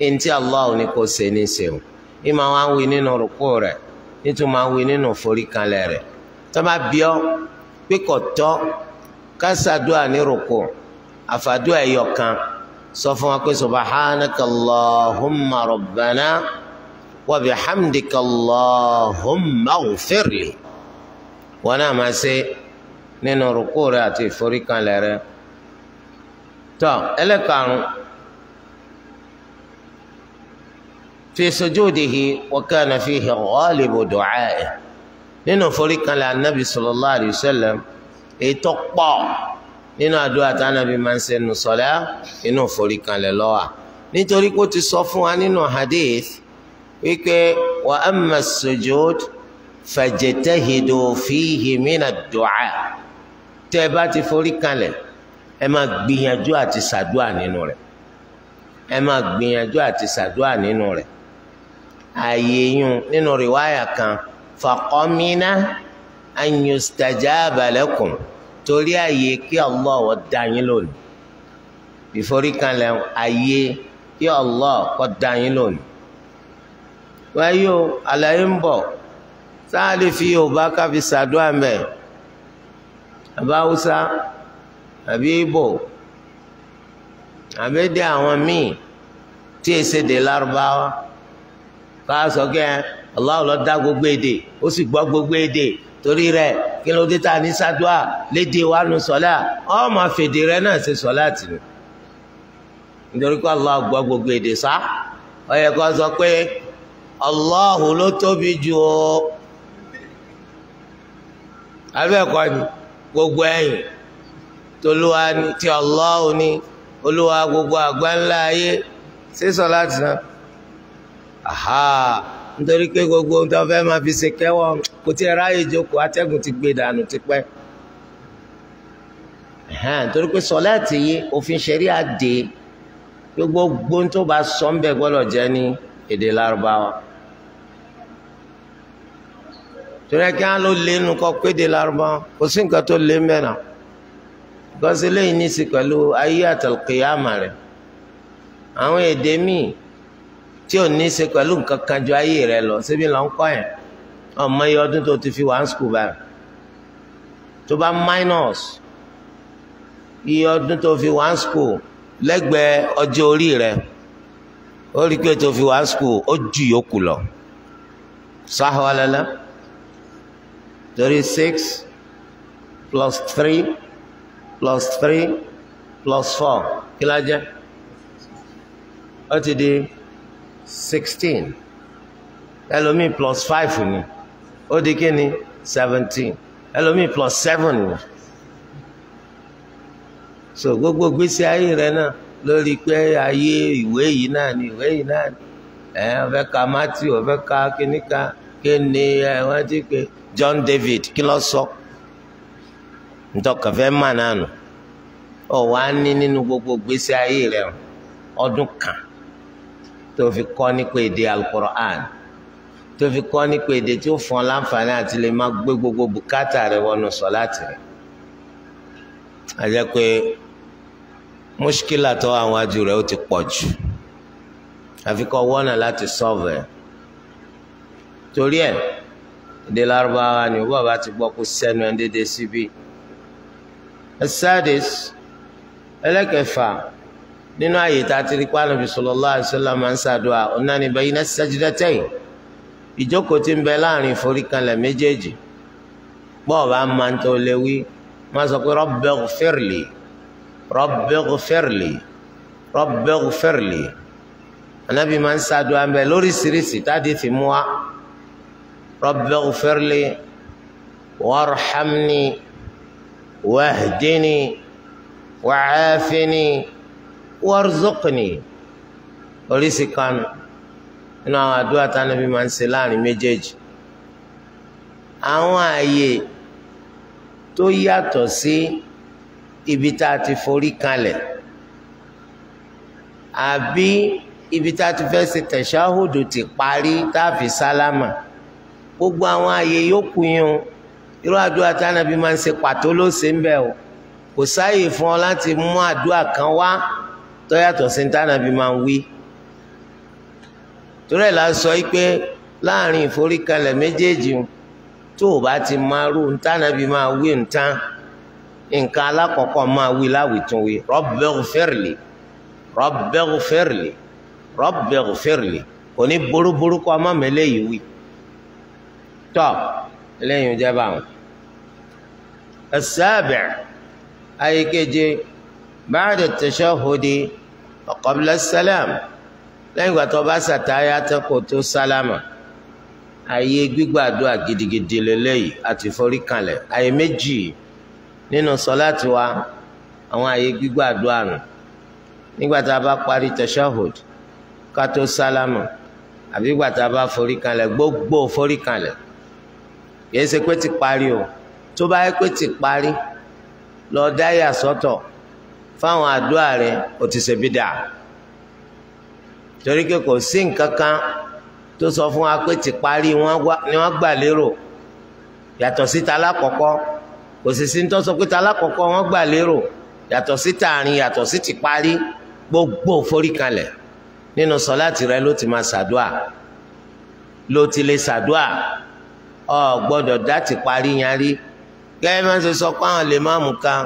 ntí allah ní kò ṣe ní ṣeun ìmọ̀ wa ń wí nínú rúkú rẹ̀ nítorí máa ń wí nínú foríkanlẹ̀ rẹ̀ tó bá bí ọ pé kò tọ́ kásádùá ní rúkú àfàdùá ẹ̀yọ̀ kan sọ fún wa pé subhanakallahumma rabbana wa bihamdikallahumma ghfirli wọn náà máa ṣe nínú rúkú rẹ àti ìforíkanlẹ̀ rẹ tọ ẹlẹ́karùn-ún fi sujudihi wa kana fihi ghalibu du'a'ihi nínú ìforíkanlẹ̀ anabi sallallahu alayhi ètò pọ̀ nínú àdúrà tí Ànábì máa ń ṣe nù sọlẹ inú ìforíkanlẹ̀ lọwà nítorí pé ó ti sọ fún wa nínú hadith wípé wa amma sujud fajtahidu fihi mina du'a tẹ ẹ bá ti foríkanlẹ̀ ẹ máa gbìyànjú àti ṣàdúà nínú rẹ̀ ẹ máa gbìyànjú àti ṣàdúà nínú rẹ̀ ààyè yún nínú rìwáyà kan faqamina an yustajaba lakum torí àyè kí Allah ó dá yín lónìí ìforíkanlẹ̀ àyè kí Allah kó dá yín lónìí. wáyé o àlàyé ń bọ̀ sáàlì fi yorùbá káfi ṣàdúrà mẹ́ àbá haúsá àbí ibo àbẹ́dẹ́ àwọn míì tí èsè dè lárúbáwá ká sọ kẹ́ Allah ló dá gbogbo èdè ó sì gbọ́ gbogbo èdè torí rẹ̀. kí ló dé tá a ní sádùá léde wa nu sọlá ọ máa fèdè rẹ náà ṣe sọlá tì ní. nítorí pé Allah gbọ́ gbogbo èdè sá ó yẹ sọ pé Allahu ló tóbi jù ó. abẹ́ẹ̀kọ́ ni gbogbo ẹ̀yìn tolúwa ni ti Allahu ni olúwa gbogbo àgbáńlá ayé ṣe sọlá tì náà. nítorí pé gbogbo ohun tó fẹ́ máa fi ṣe kẹ́wọ́ kò tí ẹ ráyè jókòó atẹ́gùn ti gbé dànù tipẹ́ nítorí pé sọláàtì yìí òfin ṣẹ̀rí àdè gbogbo ohun tó bá sọ ń bẹ̀ gbọ́dọ̀ jẹ́ ní èdè lárúbáwá torí kí wọn ló lé nu kọ péde larubá kò sí nǹkan tó lé mẹ́ra gọ́sílẹ̀ yìí ní sí pẹ̀lú ayé àtàlùkìyàmà rẹ̀ àwọn èdè míì tí ò ní í ṣe pẹ̀lú nǹkan kan ju ayé rẹ lọ síbi lọ ń kọ́ yẹn ọmọ iye ọdún tó ti fi wà ń skul báyìí tó bá minus iye ọdún tó fi wà ń skul lẹ́gbẹ̀ẹ́ ọjọ́ orí rẹ ó rí pé tó fi wà ń skul ó ju yòókù lọ sáhọ́ alẹ́lẹ́ torí six plus three plus three plus four kí la ó ti di. sixteen Elomi plus five ni Odiki ni seventeen Elomi plus seven ni so gbogbo gbèsè ayé rẹ náà lórí pé ayé ìwé yìí náà ni ìwé yìí náà ni ẹ ọfẹ ka matthew ọfẹ ka kíníkà kíni ti pé John David kí ló sọ ntọkànfẹ mà náà ọ wàá ní nínú gbogbo gbèsè ayé rẹ ọdún kan. tó fi kọ́ nípa èdè alukur'an tó fi kọ́ nípa èdè tí ó fún ọ láǹfààní àti lè má gbé gbogbo bùkátà rẹ wọnú sọláàtì rẹ àjẹ́ pé mùṣkílà tó àwọn ajú rẹ ó ti pọ̀ jù àfi kọ́ wọ́nà láti sọ́ọ̀vù ẹ̀ torí ẹ̀ èdè lárúbáwá ni bàbá ti gbọ́ kó sẹ́nu ẹ̀ ń dédé síbí ẹ̀ sáàdìs ẹlẹ́kẹ̀fà nínú ààyè tá a ti rí pálọ̀ bí sallallahu alaihi wasallam máa ń ṣàdúrà onáni bayna sajdatayni ìjókòó ti ń bẹ láàrin ìforíkanlẹ̀ méjèèjì bọ́ọ̀ bá máa ń tó léwí máa sọ pé rabbighfirli rabbighfirli rabbighfirli anábì máa ń ṣàdúrà ń bẹ lóríṣiríṣi táàdì ti mú wa rabbighfirli warhamni wahdini wa'afini warzuqni oríṣi kanu nínú àwọn àdúrà tánàbí máa ń ṣe láàrin méjèèjì àwọn ààyè tó yàtọ̀ sí ibi tá a ti forí kalẹ̀ àbí ibi tá a ti fẹ́ ṣe tẹ̀síáhùdù ti parí tá a fi sálámà gbogbo àwọn ààyè yòókù yun irú àdúrà tánàbí máa ń ṣe pàtó ló ṣe ń bẹ̀ o kò sáàyè fún ọ láti mú àdúrà kan wá tó yàtọ̀ sí tánàbí máa ń wí torí ẹ̀ la sọ yìí pé láàrin ìforíkalẹ̀ méjèèjì tó o bá ti máa rú tánàbí máa wí nǹkan nǹkan alákọ̀ọ́kọ́ máa wí láwìtúnwí Rabbighfirli Rabbighfirli Rabbighfirli kò ní burúburú kọ́ ọmọ mi léyìí wí tọ́ lẹ́yìn ìjọba àwọn. السابع أي كجي بعد التشهد qabla salam lẹ́yìn ìgbà tó bá ṣàtàyà tán kó tó sálámà ààyè gbígbàdúrà gidigidi lélẹ́yìí àti forí kanlẹ̀ ààyè méjì nínú sọláàtì wa àwọn ààyè gbígbàdúrà nù nígbà tá a bá parí tashahhud ká tó sálámà àbí ìgbà tá a bá forí kanlẹ̀ gbogbo forí kanlẹ̀ kìí ṣe pé ti parí o tó bá yẹ pé ti parí lọ dáyà sọ́tọ̀. So fáwọn àdúrà rẹ o ti ṣe bídà torí pé kò sí nǹkan kan tó sọ fún wa pé ti parí ni wọ́n gbà lérò yàtọ̀ síta lákọ̀ọ́kọ́ kò sì sí tó sọ pé ta lákọ̀ọ́kọ́ wọ́n gbà lérò yàtọ̀ síta àárín yàtọ̀ sí ti parí gbogbo foríkalẹ̀ nínú sọláàtì rẹ ló ti máa ṣàdúà ló ti lè ṣàdúà ọ gbọ́dọ̀ dá ti parí yan rí gẹ́gẹ́ bí wọ́n sọ pé àwọn lè má mú kan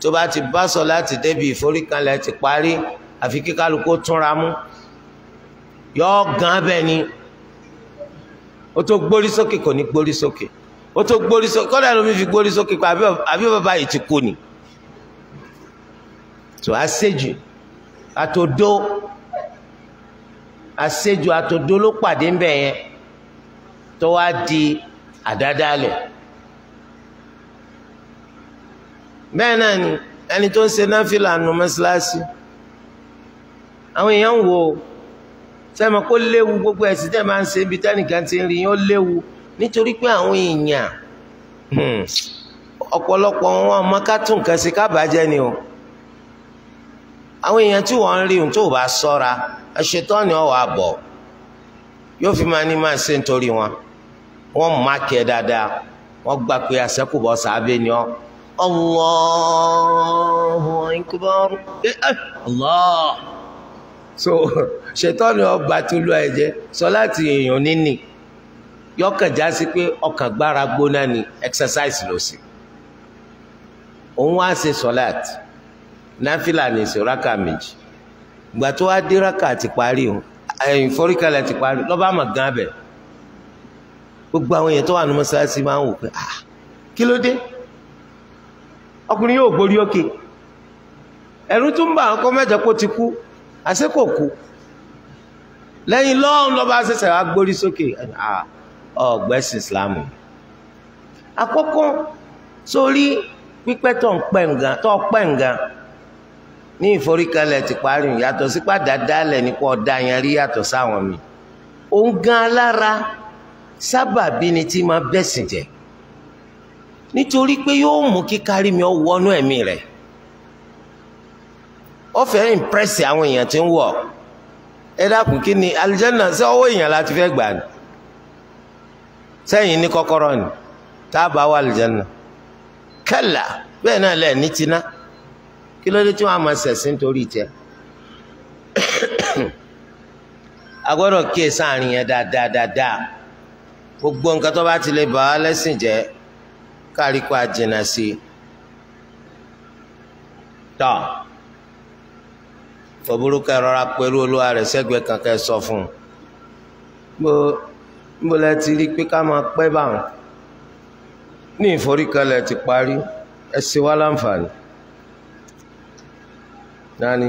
tó bá ti bá sọ láti débi ìforíkanlẹ̀ ti parí àfi kí kálukú túnra mú yọọ gan bẹ́ẹ̀ ni ó tó gbórí sókè kò ní gbórí sókè ó tó gbórí sókè kọ́dà ló mi fi gbórí sókè pa àbí bàbá yìí ti kú ni tó àṣejù àtòdó àṣejù àtòdó ló pàdé ń bẹ̀ yẹn tó wá di àdádálẹ̀. bẹ́ẹ̀ náà ni ẹni tó ń ṣe náfìlà nu mọ́ṣáláṣí àwọn èèyàn ń wo sẹ́mi kó léwu gbogbo ẹ̀sìn tẹ́ máa ń ṣe ibi tẹ́nìkan ti ń rí yín ó léwu nítorí pé àwọn èèyàn hmm, ọ̀pọ̀lọpọ̀ wọn ọmọ kátùn kan sí kábàájẹ́ ni o àwọn èèyàn tí wọ́n ń rí ohun tó bá sọ́ra ṣètọ́ni ọ̀wọ́ àbọ̀ yóò fi máa ní máa ṣe nítorí wọn wọ́n máa kẹ́ dáadáa wọ́n gbà pé àṣẹ́kù sàábẹ́ ni ọ́. Allahu Akbar eh, eh, Allah so ṣètọ́ni ọba tí olú ẹ jẹ sọ láti èèyàn níní yọkàn já sí pé ọkàn gbára gbóná ni exercise ló òun wá ṣe sọláàt náfìlà ní ìṣe rákà méjì ìgbà tó wá dé rákà ti parí o ẹ̀yìn foríkalẹ̀ ti parí lọ́ba àmọ̀ gan abẹ gbogbo àwọn èèyàn tó wà ní mọ́ṣáláṣí máa ń wò pé ah, ọkùnrin yóò gborí òkè ẹ̀rú tún bá ọkọ mẹ́jọ kó ti kú àṣé kú lẹ́yìn lọ́wọ́n lọ́ba ṣẹ̀ṣẹ̀ wá gborí sókè Islam àkọ́kọ́ sórí pípẹ́ tó pẹ́ nǹkan ní ti parí yàtọ̀ sí pàdádálẹ̀ gan alára sábàbí ni máa nítorí pé yóò mú kí kárí mi ọ wọnú ẹ̀mí rẹ̀ ó fẹ́ ìmpírẹ́sì àwọn èèyàn tí ń wọ̀ ẹ dákun kí ni alìjẹ́nà sí ọwọ́ èèyàn láti fẹ́ gbà ní sẹ́yìn ní kọ́kọ́rọ́ ni tá a bá wà alìjẹ́nà kẹ́là bẹ́ẹ̀ náà lẹ̀ ní tiná kí ló dé tí wọ́n á máa ṣẹ̀sìn torí jẹ́ a gbọ́dọ̀ kíyè yẹn dáadáa gbogbo nǹkan tó bá ti lè bà á lẹ́sìn jẹ́ kárí kó a jìnnà sí i tọ́ òbúrúkọ ìrora pẹ̀lú olúwa rẹ̀ sẹ́gbẹ̀ẹ́ kankan sọ fún un bó lẹ ti rí i pé ká máa pẹ́ báwọn ní ìforíkalẹ̀ ti parí ẹ ṣe láǹfààní nani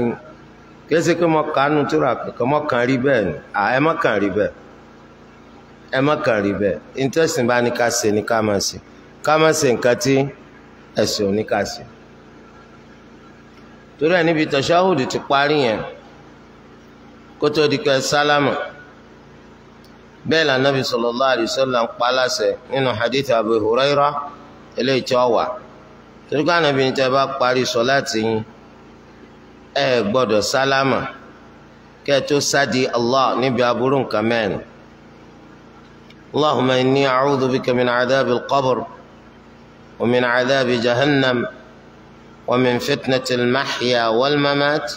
kése pé mo kànú tó ra kankan mo kàn rí bẹ́ẹ̀ ni à ẹ má kàn rí bẹ́ẹ̀ ẹ má kàn rí bẹ́ẹ̀ intanet bá ní ká ṣe ní ká máa ṣe ká má ṣe nǹkan tí ẹ̀sìn oníkàsí torí ẹ̀ níbi tàṣàhùdù ti parí yẹn kótó di kẹ sálámù bẹ́ẹ̀ la Nabi sallallahu alaihi wasallam ń paláṣẹ nínú hadith Abu Huraira eléyìí tí ó wà torí ká nàbí ní bá parí sọ̀láàtì yín ẹ gbọ́dọ̀ sálámù kẹ́ tó sádi Allah níbi aburú nǹkan mẹ́rin Allahumma inni a'udhu bika min adhabil qabr. ومن عذاب جهنم ومن فتنة المحيا والممات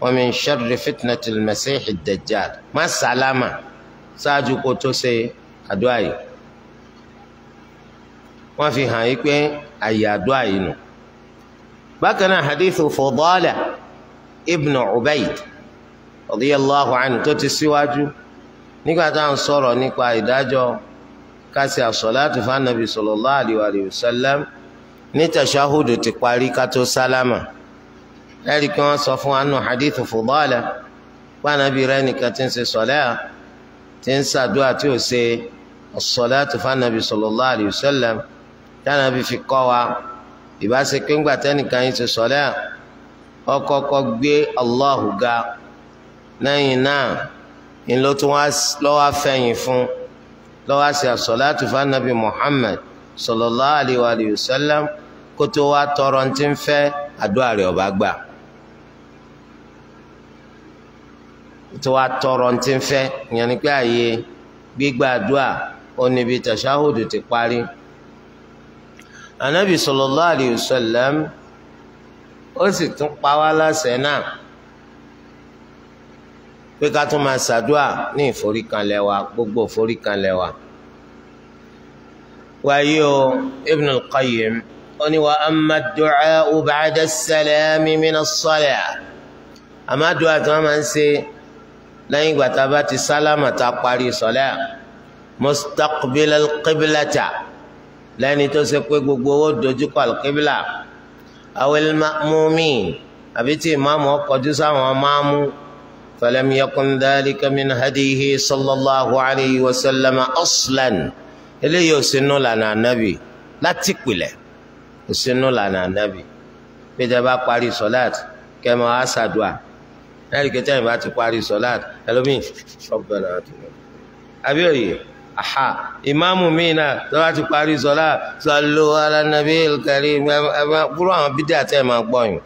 ومن شر فتنة المسيح الدجال ما السلامة ساجو كوتوسي أدواي وفي هايك أي أدواي نو بكنا حديث فضالة ابن عبيد رضي الله عنه توتي سواجو نيكو أتان صورة نيكو أيداجو kásì àsọ̀láàtù fánàbì sallallahu alaihi wa sallam ní tàṣáhùdù ti parí kátó sálámà lẹ́rìí kí wọ́n sọ fún wa nù hadith Fudala fánàbì rẹ nìkan ti ń ṣe sọ̀lá ti ń ṣàdúrà tí ò ṣe àsọ̀láàtù fánàbì sallallahu alaihi wa sallam tánàbì fi kọ́ wa ìbáṣe pé ńgbà tẹ́nìkan yìí ṣe sọ̀lá ọkọ̀ọ̀kọ̀ gbé Allahu ga lẹ́yìn náà ńlọ́tún wá lọ́wọ́ fẹ̀yìn fún lọ́wọ́ àṣẹ àṣọláàtù fanabi Muhammad sallallahu alayhi wa alihi wa sallam kó tó wá tọrọ ti ń fẹ́ àdúrà rẹ̀ ọba gbà tó wá tọrọ ti ń fẹ́ ìyẹn ni pé àyè gbígbà àdúrà ó níbi tàṣáhùdù ti parí anabi sallallahu alayhi wa ó sì tún pa wá láṣẹ náà pé ká tún máa ṣàdúà ní ìforíkanlẹ̀ wa gbogbo ìforíkanlẹ̀ wa. wàyí o Ibn al-Qayyim ó ní wa amma ad-du'a'u ba'da as-salami min as-salah àmàdùn àti wọn máa ń ṣe lẹ́yìn ìgbà tá a bá ti sálámà tá a parí sọlẹ mustaqbil al-qiblata lẹni tó ṣe pé gbogbo owó dojúkọ al-qibla awil ma'mumin àbí tí ìmáàmù ọkọjú sáwọn máàmù. فلم يكن ذلك من هديه صلى الله عليه وسلم أصلا إلي يسنو لنا النبي لا تقبل يسنو لنا النبي بجبا قاري صلاة كما أسدوا ẹ̀rí kẹtẹ́ ìbá ti parí sọ́láàt ẹlòmíì ọ̀bẹ̀rẹ̀ àtúnyẹ̀. àbíòye aha ìmáàmù míì náà lọ́wọ́ ti parí sọ́láàt sọ́lọ́ alánàbí kẹrí ẹ̀fọ́ búrú àwọn bídíà tẹ́ ẹ̀ máa gbọ́yìn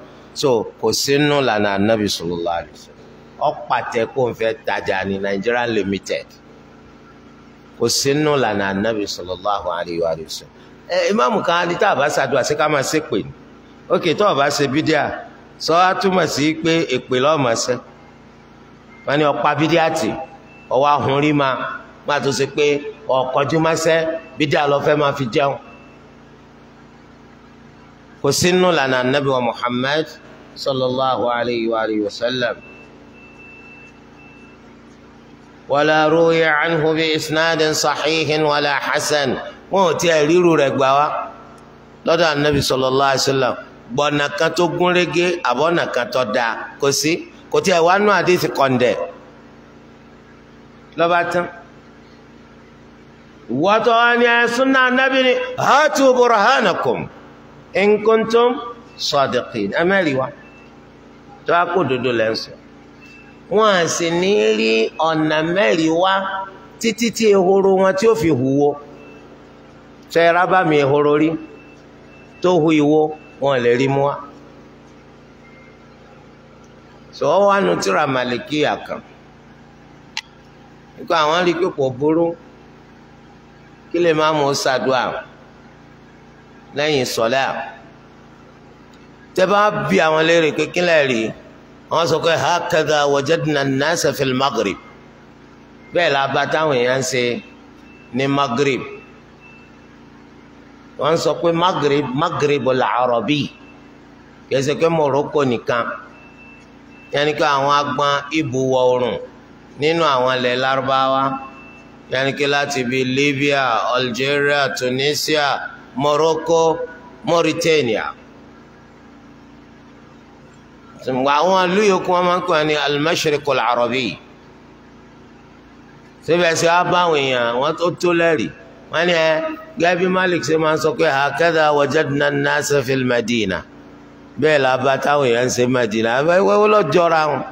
so kò sínú lànà ànábì sallallahu alaihi wasallam. ọ̀pàtẹ kó n fẹ́ tajà ní Nigeria limited kò sínú lànà anabi sallallahu alayhi wa sallam ẹ ìmáàmù kan adi tá a bá ká máa ṣe pè ní òkè tó o bá ṣe bídíà sọ túmọ̀ sí pé èpè lọ́ọ̀mọ̀ ṣe ọ̀pá bídíà tì ọwọ́ ma má tó ṣe pé ọ̀kọ́jú má ṣe bídíà lọ fẹ́ máa fi jẹun kò sínú lànà anabi wa Muhammad ولا روي عنه بإسناد صحيح ولا حسن wọn ò tiẹ̀ ríru rẹ̀ gbà wá lọ́dọ̀ anabi sallallahu alaihi wasallam gbọ̀nà kan tó gún régé àbọ̀nà kan tó dáa kò sí kò tiẹ̀ wá nú àdéhìí kọ̀ǹdẹ̀ lọ́ba tán wọ́tọ̀ ni ẹ̀ anabi ni hàtú burhanakum in kuntum sadiqin ẹ̀ mẹ́rin wa tó a kó dodo lẹ́sìn wọn à sì ní rí ọ̀nà mẹ́rin wá títí tí ehoro wọn tí ó fi hùwò sẹ́yìnrá bá mi ehoro rí tó hu ìwo wọn lè rí mu wá. sọ̀wọ́ wá nu tíra màlìkì àkàn nípa àwọn rí pípọ̀ burú kí lè máa mú ṣàdúà lẹ́yìn sọ́lá tẹ́ bá bí àwọn léèrè pé kí lè rí i wọ́n sọ pé hakadha wajadna an-nasa fil maghrib bẹ́ẹ̀ la bá táwọn èèyàn ń ṣe ní maghrib wọ́n sọ pé maghrib maghrib al-arabi kẹsẹ̀ pé morocco nìkan yẹnni pé àwọn agbọn ibùwọ̀ oòrùn nínú àwọn ilẹ̀ lárúbáwá yẹnni pé láti bíi libya algeria tunisia morocco mauritania sọmọ àwọn alóyòkú wọn máa ń pè wọn ní al-Mashriqul Arabi síbẹ̀síbẹ̀ wọn bá àwọn èèyàn wọn tó tó lẹ́rìí wọn ni ẹ gẹ́gẹ́ bí Malik ṣe máa ń sọ pé hakadha wajadna an-nasa fil Madina bẹ́ẹ̀ la bá táwọn èèyàn ń ṣe Madina wọ́n lọ jọra wọn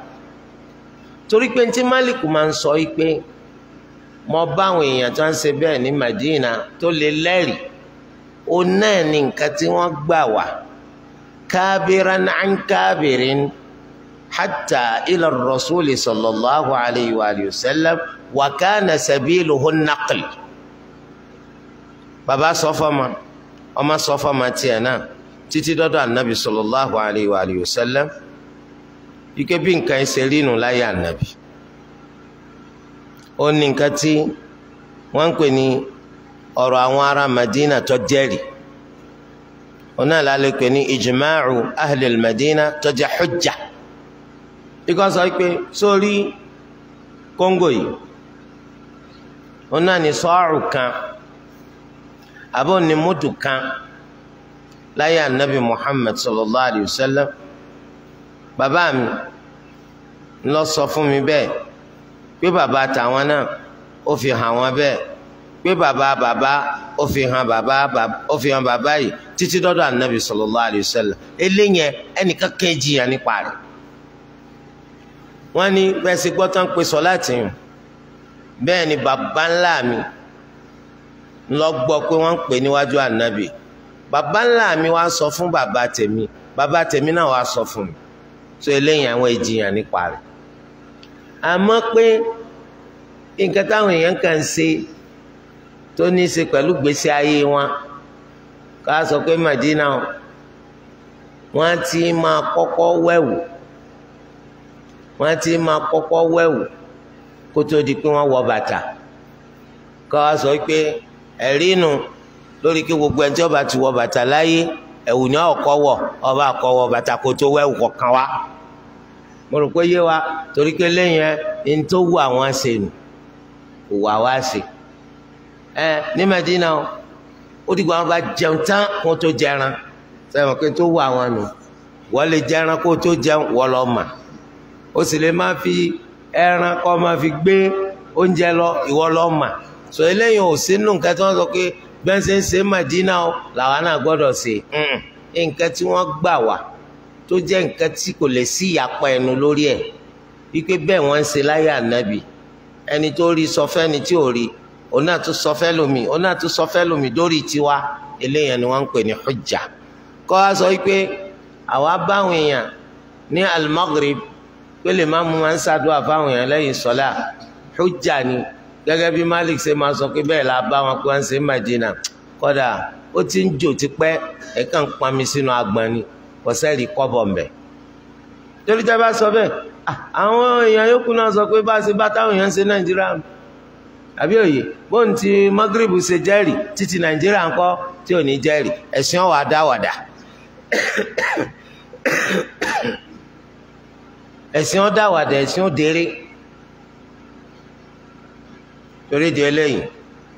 torí pé ntí Malik máa ń sọ yìí pé mo bá àwọn èèyàn tó ń ṣe bẹ́ẹ̀ ní Madina tó lè lẹ́rìí òun náà ni nǹkan tí wọ́n gbà wá. كابرا عن كابر حتى إلى الرسول صلى الله عليه وآله وسلم وكان سبيله النقل bàbá sọ fọmọ ọmọ sọ fọmọ tiẹ̀ náà títí dọdọ anabi sallallahu alayhi wa alayhi wa sallam ike bí nǹkan ẹsẹ rínu láyé anabi ó ní wọn ń pè ní àwọn ará madina tó jẹ́rìí ọ̀nà àlàlẹ́ pé ní ìjìmáàrù ahlil madina tó jẹ́ hujja ikọ̀ sọ pé sórí kóńgò yìí ọ̀nà ní sọ́ọ̀rù kan àbọ̀ ní mọ́tò kan láyé anabi muhammad sallallahu alayhi wa sallam bàbá mi lọ sọ fún mi bẹ́ẹ̀ pé bàbá tàwọn náà ó fi hàn wọn bẹ́ẹ̀ pé bàbá bàbá ó fi hàn bàbá ó fi hàn bàbá yìí títí dọ́dọ̀ anabi sallallahu alayhi wa sallam eléyẹn ẹnìkan kẹ́jì yẹn nípa rẹ̀ wọ́n ní bẹ́ẹ̀ sì gbọ́ tán pé sọ láti yùn bẹ́ẹ̀ ni bàbá ńlá mi lọ gbọ́ pé wọ́n ń pè níwájú ànábì bàbá ńlá mi wá sọ fún bàbá tèmi bàbá tèmi náà wá sọ fún mi so eléyìí àwọn ìjìyàn nípa rẹ̀ àmọ́ pé nǹkan táwọn èèyàn kàn ń ṣe tó ní í ṣe pẹ̀lú gbèsè ayé wọn ká sọ pé Madina wọ́n ti máa kọ́kọ́ wẹ̀wù wọ́n ti máa kọ́kọ́ wẹ̀wù kó tó di pé wọ́n wọ bàtà ká sọ pé ẹ̀rí nu lórí kí gbogbo ẹni tí ó bá ti wọ bàtà láyé ẹ̀wù ni ọkọ wọ ọba àkọ wọ bàtà kó tó wẹ̀wù kọ̀ọ̀kan wa mo rò pé yé wa torí pé lẹ́yìn ẹ̀ ń tó wù àwọn àṣẹ nù kò wà ṣe ẹ ní Madina o ó dìgbà wọn bá jẹun tán kó tó jẹran sẹ́wọ̀n pé tó wọ àwọn nù wọ́n lè jẹran kó tó jẹun wọ́n lọ mà ó sì lè má fi ẹran kó má fi gbé oúnjẹ lọ ìwọ lọ mà sọ eléyìí ò sínú nǹkan tí wọ́n sọ pé bẹ́ẹ̀ ṣe ń ṣe Màdínà o làwọn náà gbọ́dọ̀ ṣe nǹkan tí wọ́n gbà wá tó jẹ́ nǹkan tí kò lè sí ìyapa ẹnu lórí ẹ̀ wípé bẹ́ẹ̀ wọ́n ń ṣe láyé ànábì ẹni tó rí sọ fẹ́ni tí ò rí Ona tu tún sọ ona tu òun náà tún sọ fẹ́ lómi dórí tiwa eléyàn ni wọ́n ń pè ní hujja kọ́ a sọ pé àwa báwọn èèyàn ní al-maghrib pé lè má mú máa ń ṣàdúrà fáwọn èèyàn lẹ́yìn sọ́lá hujja ni gẹ́gẹ́ bí Malik ṣe máa sọ pé bẹ́ẹ̀ la bá wọn pé wọ́n ṣe Madina kọ́dà ó ti ń jò tipẹ́ ẹ̀ka ń pami sínú agbọ̀n ni kò sẹ́ẹ̀rì kọ́bọ̀ mbẹ̀ torí tẹ́ bá sọ bẹ́ẹ̀ àwọn èèyàn yòókù náà sọ pé bá a ṣe bá táwọn èèyàn ṣe Nàìjíríà àbí òye bóun ti Maghreb ṣe jẹ́rì títí Nàìjíríà ńkọ́ tí ò ní jẹ́rì ẹ̀sìn ọ̀wà dáwàdà ẹ̀sìn ọ̀dáwàdà ẹ̀sìn òdèrè torí di eléyìí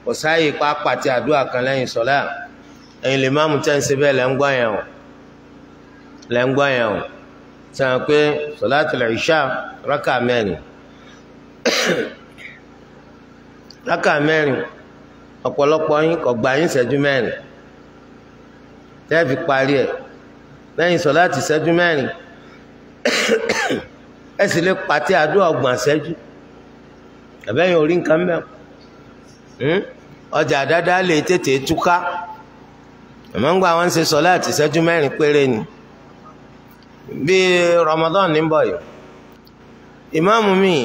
kò sáàyè pápá àti àdúrà kan lẹ́yìn sọ́lá ẹ̀yin lè má mú tẹ́ǹsì bẹ́ẹ̀ lẹ́ ń gbọ́ yẹn o lẹ́ ń gbọ́ yẹn o sàn pé sọ́lá tẹ̀lé ìṣá rákà mẹ́rin rákà mẹ́rin ọ̀pọ̀lọpọ̀ yín kò gbà yín ìṣẹ́jú mẹ́rin tẹ́ẹ̀fì parí ẹ̀ lẹ́yìn sọ láti ìṣẹ́jú mẹ́rin ẹ sì lè pàtẹ àdúrà ọgbọ̀n ìṣẹ́jú ẹ̀bẹ́yìn orí nǹkan mẹ́rin hmm? ọjà dáadáa lè tètè túká àmọ́ ń gba wọn ṣe sọ láti ìṣẹ́jú mẹ́rin péré ni bí Ramadan ní bọ̀ ìmáàmù mi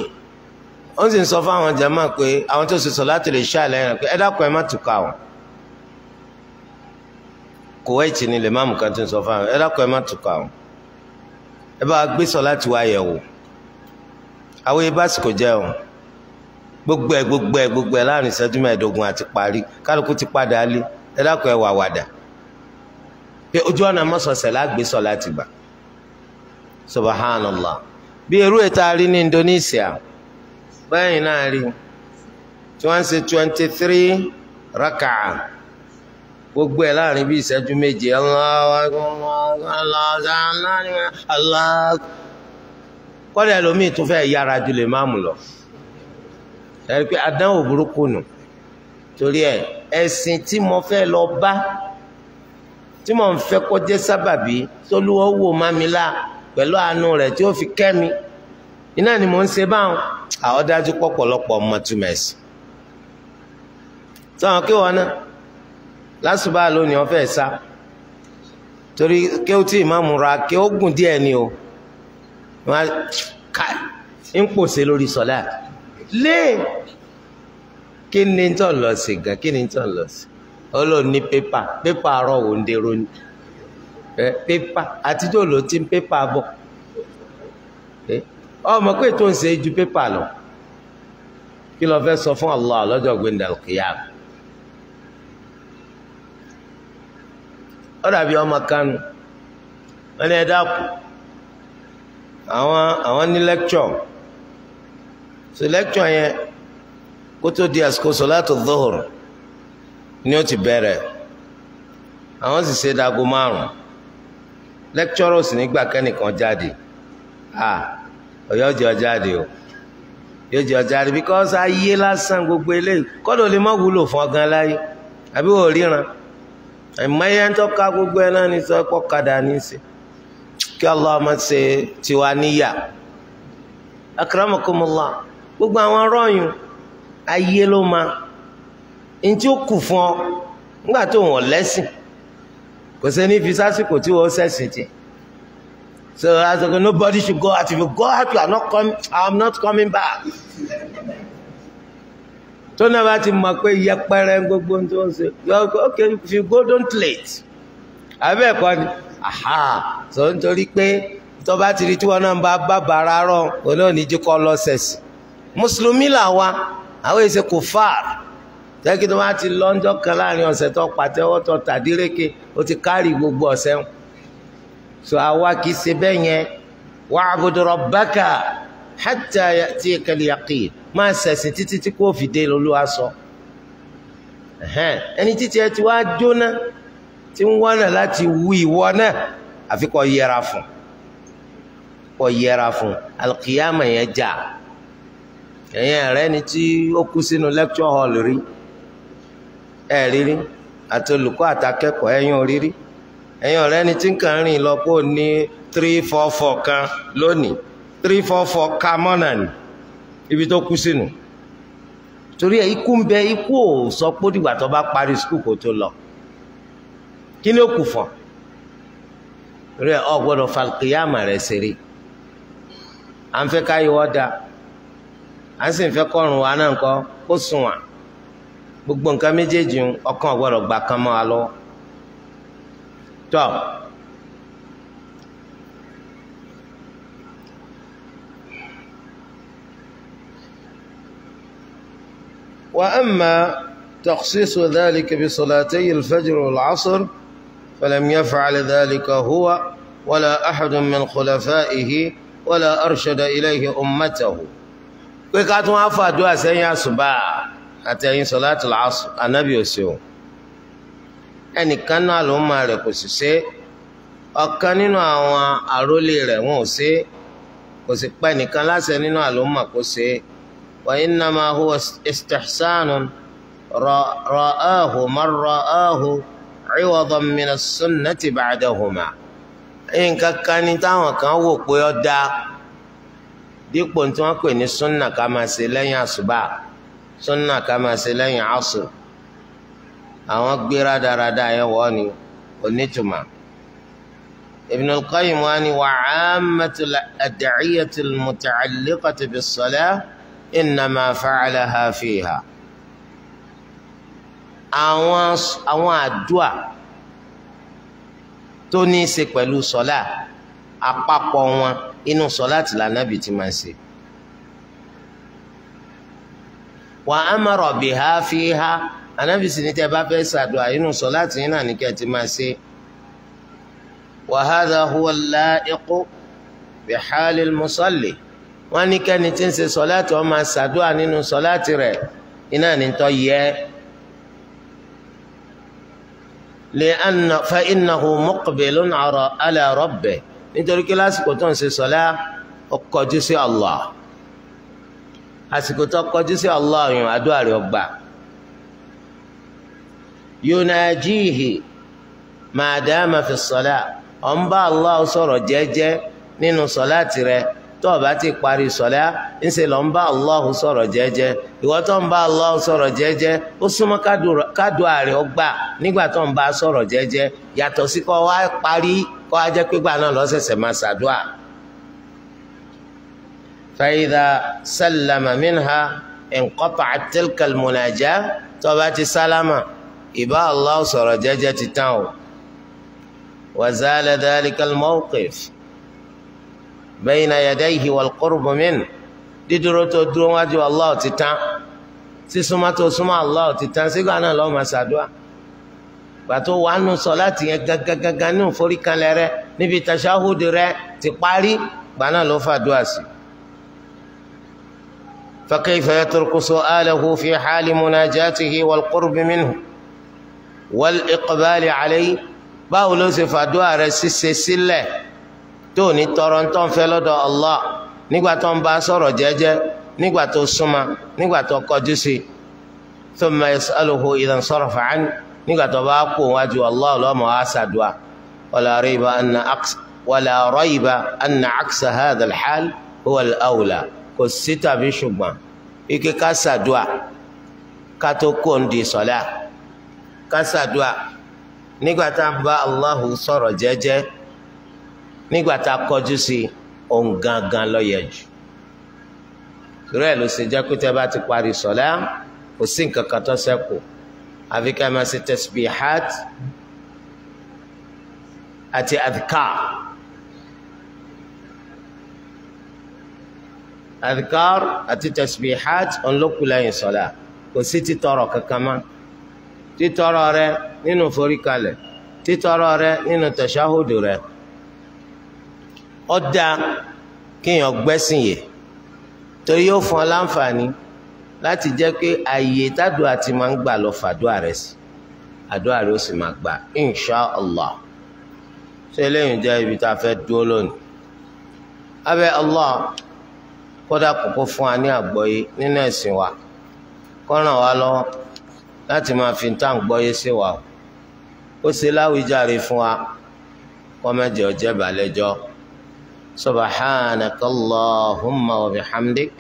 ó sì ń sọ fáwọn jama pé àwọn tó ṣe sọ̀látul Ìṣá lẹ́yìn pé ẹ dákun ẹ má tù ká wọn Kuwait ni lèmáàmù kan ti ń sọ fáwọn ẹ dákun ẹ má tù ká wọn ẹ bá gbé sọ̀láàtì wa yẹ̀ wò àwọn ibásíkò jẹ́ gbogbo ẹ gbogbo ẹ gbogbo ẹ láàrin ìṣẹ́jú mẹ́ẹ̀ẹ́dógún àti parí kálukú ti padà lé ẹ dákun báyìí náà rí tí wọ́n ń ṣe twenty three raka gbogbo ẹ̀ láàrin bí ìṣẹ́jú méje kọ́dà ẹlòmíì tún fẹ́ yára ju lè máàmù lọ ẹ̀rí pé àdánwò burúkú nù torí ẹ̀ ẹ̀sìn tí mo fẹ́ lọ bá tí mo ń fẹ́ kọjá sábàbí tó lúwọ́ wò má mi lá pẹ̀lú àánú rẹ̀ tí ó fi kẹ́ mi iná ni mò ń ṣe báwọn àwọn dájú pọ̀pọ̀lọpọ̀ mọ̀túmẹ̀sì sọ̀rọ̀ kí wọn náà lásùbà lónìí wọn fẹ́ẹ́ sá torí kí ó tí ìmáàmù ra kí ó gùn díẹ̀ ni o wọn ká ń pòṣe lórí sọlá léè kí ni tó lọ sí gan kí ni tó lọ sí ó lò ní pépà pépà arọ òǹde ronú pépà àtijọ́ ló ti ń pépà bọ̀ ọmọ pé tó ń ṣe ju pépà lọ kí ló fẹ́ sọ fún Allah lọ́jọ́ gbẹ̀ndàl kìyàm ó dàbí ọmọ kanu wọn ni ẹ dákú àwọn àwọn ní lẹ́kṣọ̀ so lẹ́kṣọ̀ yẹn kó tó di àsìkò sọ̀láàtù dọ́hùr ni ó ti bẹ̀rẹ̀ àwọn sì ṣe dago márùn lẹ́kṣọ̀rọ̀ sì nígbà kẹ́nìkan jáde ọ̀yọ́ jẹ́ ọjáde o yóò jẹ́ ọjáde because ayé lásán gbogbo eléyìí kọ́dọ̀ lè má wúlò fún ọgán láyé àbí wò ríran àìmọye ń tọ́ka gbogbo ẹ náà ní sọ ní kí Allah ṣe tiwa níyà gbogbo àwọn ayé ló ma ó fún ọ nígbà tó lẹ́sìn kò sẹ́ni fi sásìkò tí wọ́n So I said, nobody should go out. If you go out, you are not coming. I'm not coming back. tó náà bá ti mọ̀ pé yẹpẹrẹ gbogbo tó ń okay if you go don't late I ẹ̀kọ́ ni aha so nítorí pé tó bá ti rí tí wọn náà bá bá bàrà rọ òun náà ní jíkọ́ lọ́sẹ̀sì mùsùlùmí là wa àwọn èsè kò fà jẹ́ kí tó bá ti lọ́njọ́ kan láàrin ọ̀sẹ̀ tó pàtẹ́wọ́ tó tàdírẹ́kẹ́ ó ti kárì gbogbo ọ̀sẹ̀ wọn so àwa kì í ṣe bẹ́ẹ̀ yẹn wa'budu rabbaka hatta ya'tiyaka al-yaqin máa ṣẹ̀sìn títí tí kò fi dé lọ́lọ́wọ́ sọ ẹni títí ẹ ti wá jóná tí ń wọ́nà láti wú ìwọ náà àfi kó yẹra fún kó yẹra fún alkiyama yẹn jà ẹ̀yìn rẹ̀ ni tí ó kú sínú lecture hall rí ẹ̀ rírí àti olùkọ́ àtàkẹ́kọ̀ọ́ ẹ̀yìn òrírí ẹ̀yin ọ̀rẹ́ ni tí ń kàn rìn lọ kó ní three four four kan lónìí three four four ká mọ́nà ni ibi tó kú sínú torí ẹ ikú ń bẹ ikú ò sọ pé dìgbà tó bá parí skul kó tó lọ kí ni ó kù fọ torí ẹ ọ gbọ́dọ̀ falkiyama rẹ ṣeré à ń fẹ́ káyọ ọdà à ń sì ń fẹ́ kọrùn wa náà kọ kó sùn wà gbogbo nǹkan méjèèjì ọkàn ọgbọ́dọ̀ gbà kan mọ́ wa to وأما تخصيص ذلك بصلاتي الفجر والعصر فلم يفعل ذلك هو ولا أحد من خلفائه ولا أرشد إليه أمته ويقعد وعفا دعا سيئا صباح أتين صلاة العصر النبي يسيوم ẹnìkan náà ló máa rẹ̀ kò sì ṣe ọ̀kan nínú àwọn àrólé rẹ̀ wọn ò ṣe kò sì pa ẹnìkan láṣẹ nínú àlómà kò ṣe innama huwa istihsanun ra'ahu man ra'ahu 'iwadan min as-sunnati ba'dahuma nǹkan kan ní táwọn kan wò pé dípò tí wọ́n pè ní ká máa ṣe lẹ́yìn àṣùbà ká máa ṣe lẹ́yìn àwọn gbéra dáradára yẹn wọ́n ni onítùmá Ibn al-Qayyim wa ni wa 'ammatul ad'iyatil muta'alliqati bis-salah innama fa'alaha fiha àwọn àwọn àdúà tó ní í ṣe pẹ̀lú sọ́lá àpapọ̀ wọn inú sọ́lá tí lànàbì ti máa ń ṣe. wa amara biha fiha anabi sì ní tẹ́ bá fẹ́ ṣàdúrà inú sọ̀láàtì yín náà ní kẹ́ ti máa ṣe wa hadha huwa al-la'iqu bi halil musalli wọ́n ní kẹ́ni tí ń ṣe sọ̀láàtì ó máa ṣàdúrà nínú sọ̀láàtì rẹ̀ iná ní tọ́ yẹ li'anna fa innahu muqbilun ala rabbih nítorí kí lásìkò tó ń ṣe sọ̀lá ó kọjú sí Allah àsìkò tó kọjú sí Allah yìí àdúrà rẹ̀ ó gbà yunajihi màdàmà fi sọlá ọ̀n bá Allah sọ̀rọ̀ jẹ́jẹ́ nínú sọlá tirẹ̀ tó o bá ti parí sọlá ńṣe lọ́n bá Allah sọ̀rọ̀ jẹ́jẹ́ ìwọ tó ń bá Allah sọ̀rọ̀ jẹ́jẹ́ ó súnmọ́ kádùn ààrẹ ọgbà nígbà tó ń bá sọ̀rọ̀ jẹ́jẹ́ yàtọ̀ sí kọ́ wá parí kọ́ á jẹ́ náà lọ́sẹ̀sẹ̀ máa ṣàdúà. فإذا سلم منها انقطعت تلك المناجاة tó o ìbá Allah sọ̀rọ̀ jẹ́jẹ́ ti tán o wazala dhalikal mawqif bayna yadayhi wal qurbu min dídúró tó dúró wájú Allah ti tán sísúnmọ́ tó súnmọ́ Allah ti tán sígbà náà lọ́ọ́ máa ṣàdúrà gbàtó wàánu sọ láti yẹn gágágágá ní òforíkanlẹ̀ rẹ níbi tàṣáhùdù rẹ ti parí gbà náà ló fàdúrà sí i. فكيف يترك سؤاله في حال مناجاته والقرب منه wal iqbali alayhi báwo ló ṣe fàdúrà rẹ̀ ṣíṣe sílẹ̀ tó ní tọrọ ń tán fẹ́ lọ́dọ̀ Allah nígbà tó ń bá sọ̀rọ̀ jẹ́jẹ́ nígbà tó súnmọ́ nígbà tó kọjú sí thumma yas'aluhu idhan sarafa anhu nígbà tó bá kó wájú Allah lọ́mọ àṣàdùà wala rayba anna aqsa wala rayba awla kò sí tàbí ṣùgbọ́n ike ṣàdùà ká kó ń di sọ́lá ká ṣàdúà nígbà tá à ń bá Allahu sọ̀rọ̀ jẹ́jẹ́ nígbà tá a kọjú sí òun gangan ló yẹ jù torí ẹ̀ ló ṣe jẹ́ pé tẹ́ bá ti parí sọ̀lá kò sí nǹkan kan tó ṣẹ́kù àfi ká máa ṣe tasbihat àti adhkar adhkar àti tasbihat òun ló kù lẹ́yìn sọ̀lá kò sí títọrọ kankan máa títọrọ rẹ nínú foríkalẹ̀ títọrọ rẹ nínú tẹsáhùdù rẹ ọdá kéèyàn gbẹ́sìn yẹ torí yóò fún ọ láǹfààní láti jẹ́ pé ààyè tádùá ti máa ń gbà lọ fàdúà rẹ sí àdúà rẹ ó sì máa gbà insha allah ṣé eléyìí jẹ́ ibi tá a fẹ́ dúró lónìí abẹ́ allah kódà kókó fún wa ní àgbọ́yé nínú ẹ̀sìn wa kó ràn wá lọ́wọ́ láti máa fi tá à ń gbọ́ yé sí wa ó ṣe láwíjàre fún wa kọ́mẹ́jẹ ọjẹ́ balẹ̀jọ́ subhanaka allahumma wa bihamdik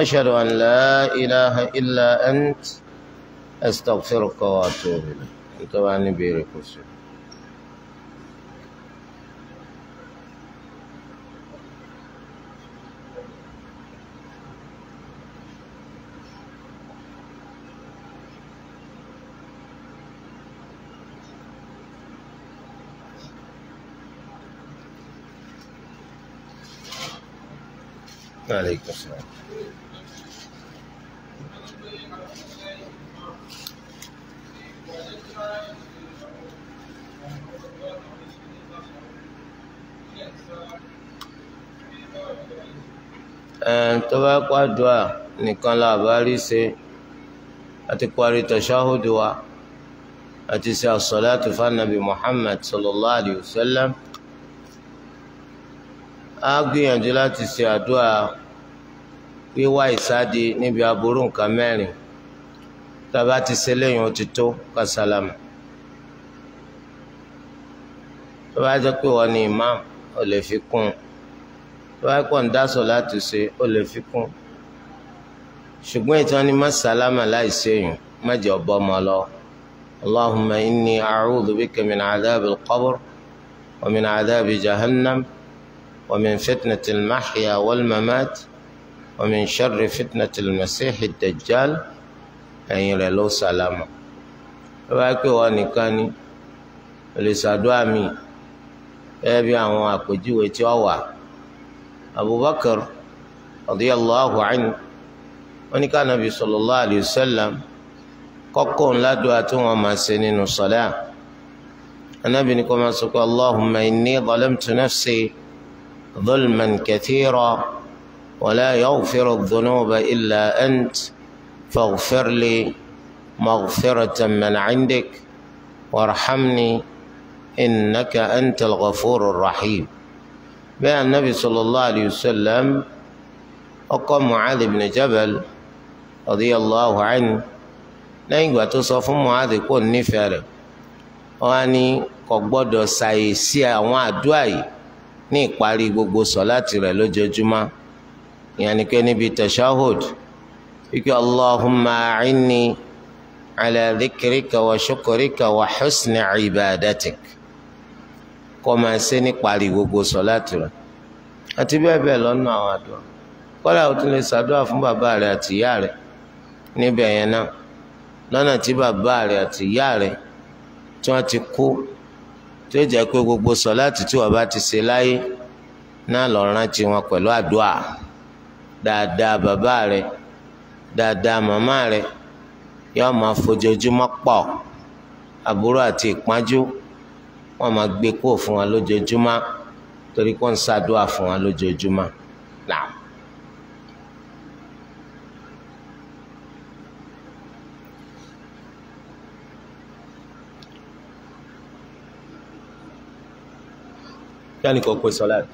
ashhadu an la ilaha illa ant astaghfiruka wa atubu ilayk nítorí níbi èrè kò sí. عليك السلام توقع دواء نيكون لا بالي سي اتقواري تشاهد دواء اتسع الصلاة فالنبي محمد صلى الله عليه وسلم á gbìyànjú láti ṣe àdúrà wíwá ìsádi níbi aburú nǹkan mẹ́rin tàbá ti ṣe lẹ́yìn ó ti tó kásálámù tó bá jẹ́ pé wọ́n ní imam ó lè fi kún un tó bá pọ̀ ń dásọ̀ láti ṣe ó lè fi kún un ṣùgbọ́n ìtàn ni má láì ṣèyùn má jẹ́ ọ̀bọ lọ. اللهم إني أعوذ بك من عذاب القبر ومن عذاب جهنم ومن فتنة المحيا والممات ومن شر فتنة المسيح الدجال أن rẹ̀ ló sàlámà ẹ bá pè wọ́n nìkan ni olùsàdúrà mi gẹ́gẹ́ bí àwọn àpèjúwe tí ó wà abubakar radiyallahu anhu wọ́n ní ká nàbì sallallahu alayhi wa sallam kọ́kọ́ ńládùá tí wọ́n máa ṣe nínú sọ́lá anábì ní kó máa sọ pé allahumma inni zalamtu nafsi. ظلما كثيرا ولا يغفر الذنوب إلا أنت فاغفر لي مغفرة من عندك وارحمني إنك أنت الغفور الرحيم بأن النبي صلى الله عليه وسلم أقام معاذ بن جبل رضي الله عنه لا ìgbà tó معاذ fún muhammed واني nífẹ̀ẹ́ سايسيا wọ́n ní gbogbo sọláàtì rẹ̀ lójoojúmọ́ ìyẹn ni pé níbi tashahud wípé allahumma a'inni ala wa wa husni ní ìparí gbogbo sọláàtì rẹ̀ àti bẹ́ẹ̀ bẹ́ẹ̀ lọ́nà àwọn àdúrà kọ́lá o tún lè ṣàdúrà fún bàbá rẹ̀ àti ìyá níbẹ̀ yẹn náà lọ́nà tí bàbá àti ìyá ti kú. tó jẹ́ pé gbogbo sọ̀láàtì tí wọ́n bá ti ṣe láyé náà lọ rántí wọn pẹ̀lú àdúà dáadáa bàbá rẹ dáadáa màmá rẹ yóò máa fojoojúmọ́ pọ̀ àbúrò àti ìpájú wọ́n máa gbé kó fún wa lójoojúmọ́ torí kó ń ṣàdúà fún wa lójoojúmọ́ náà. 家里有空调了。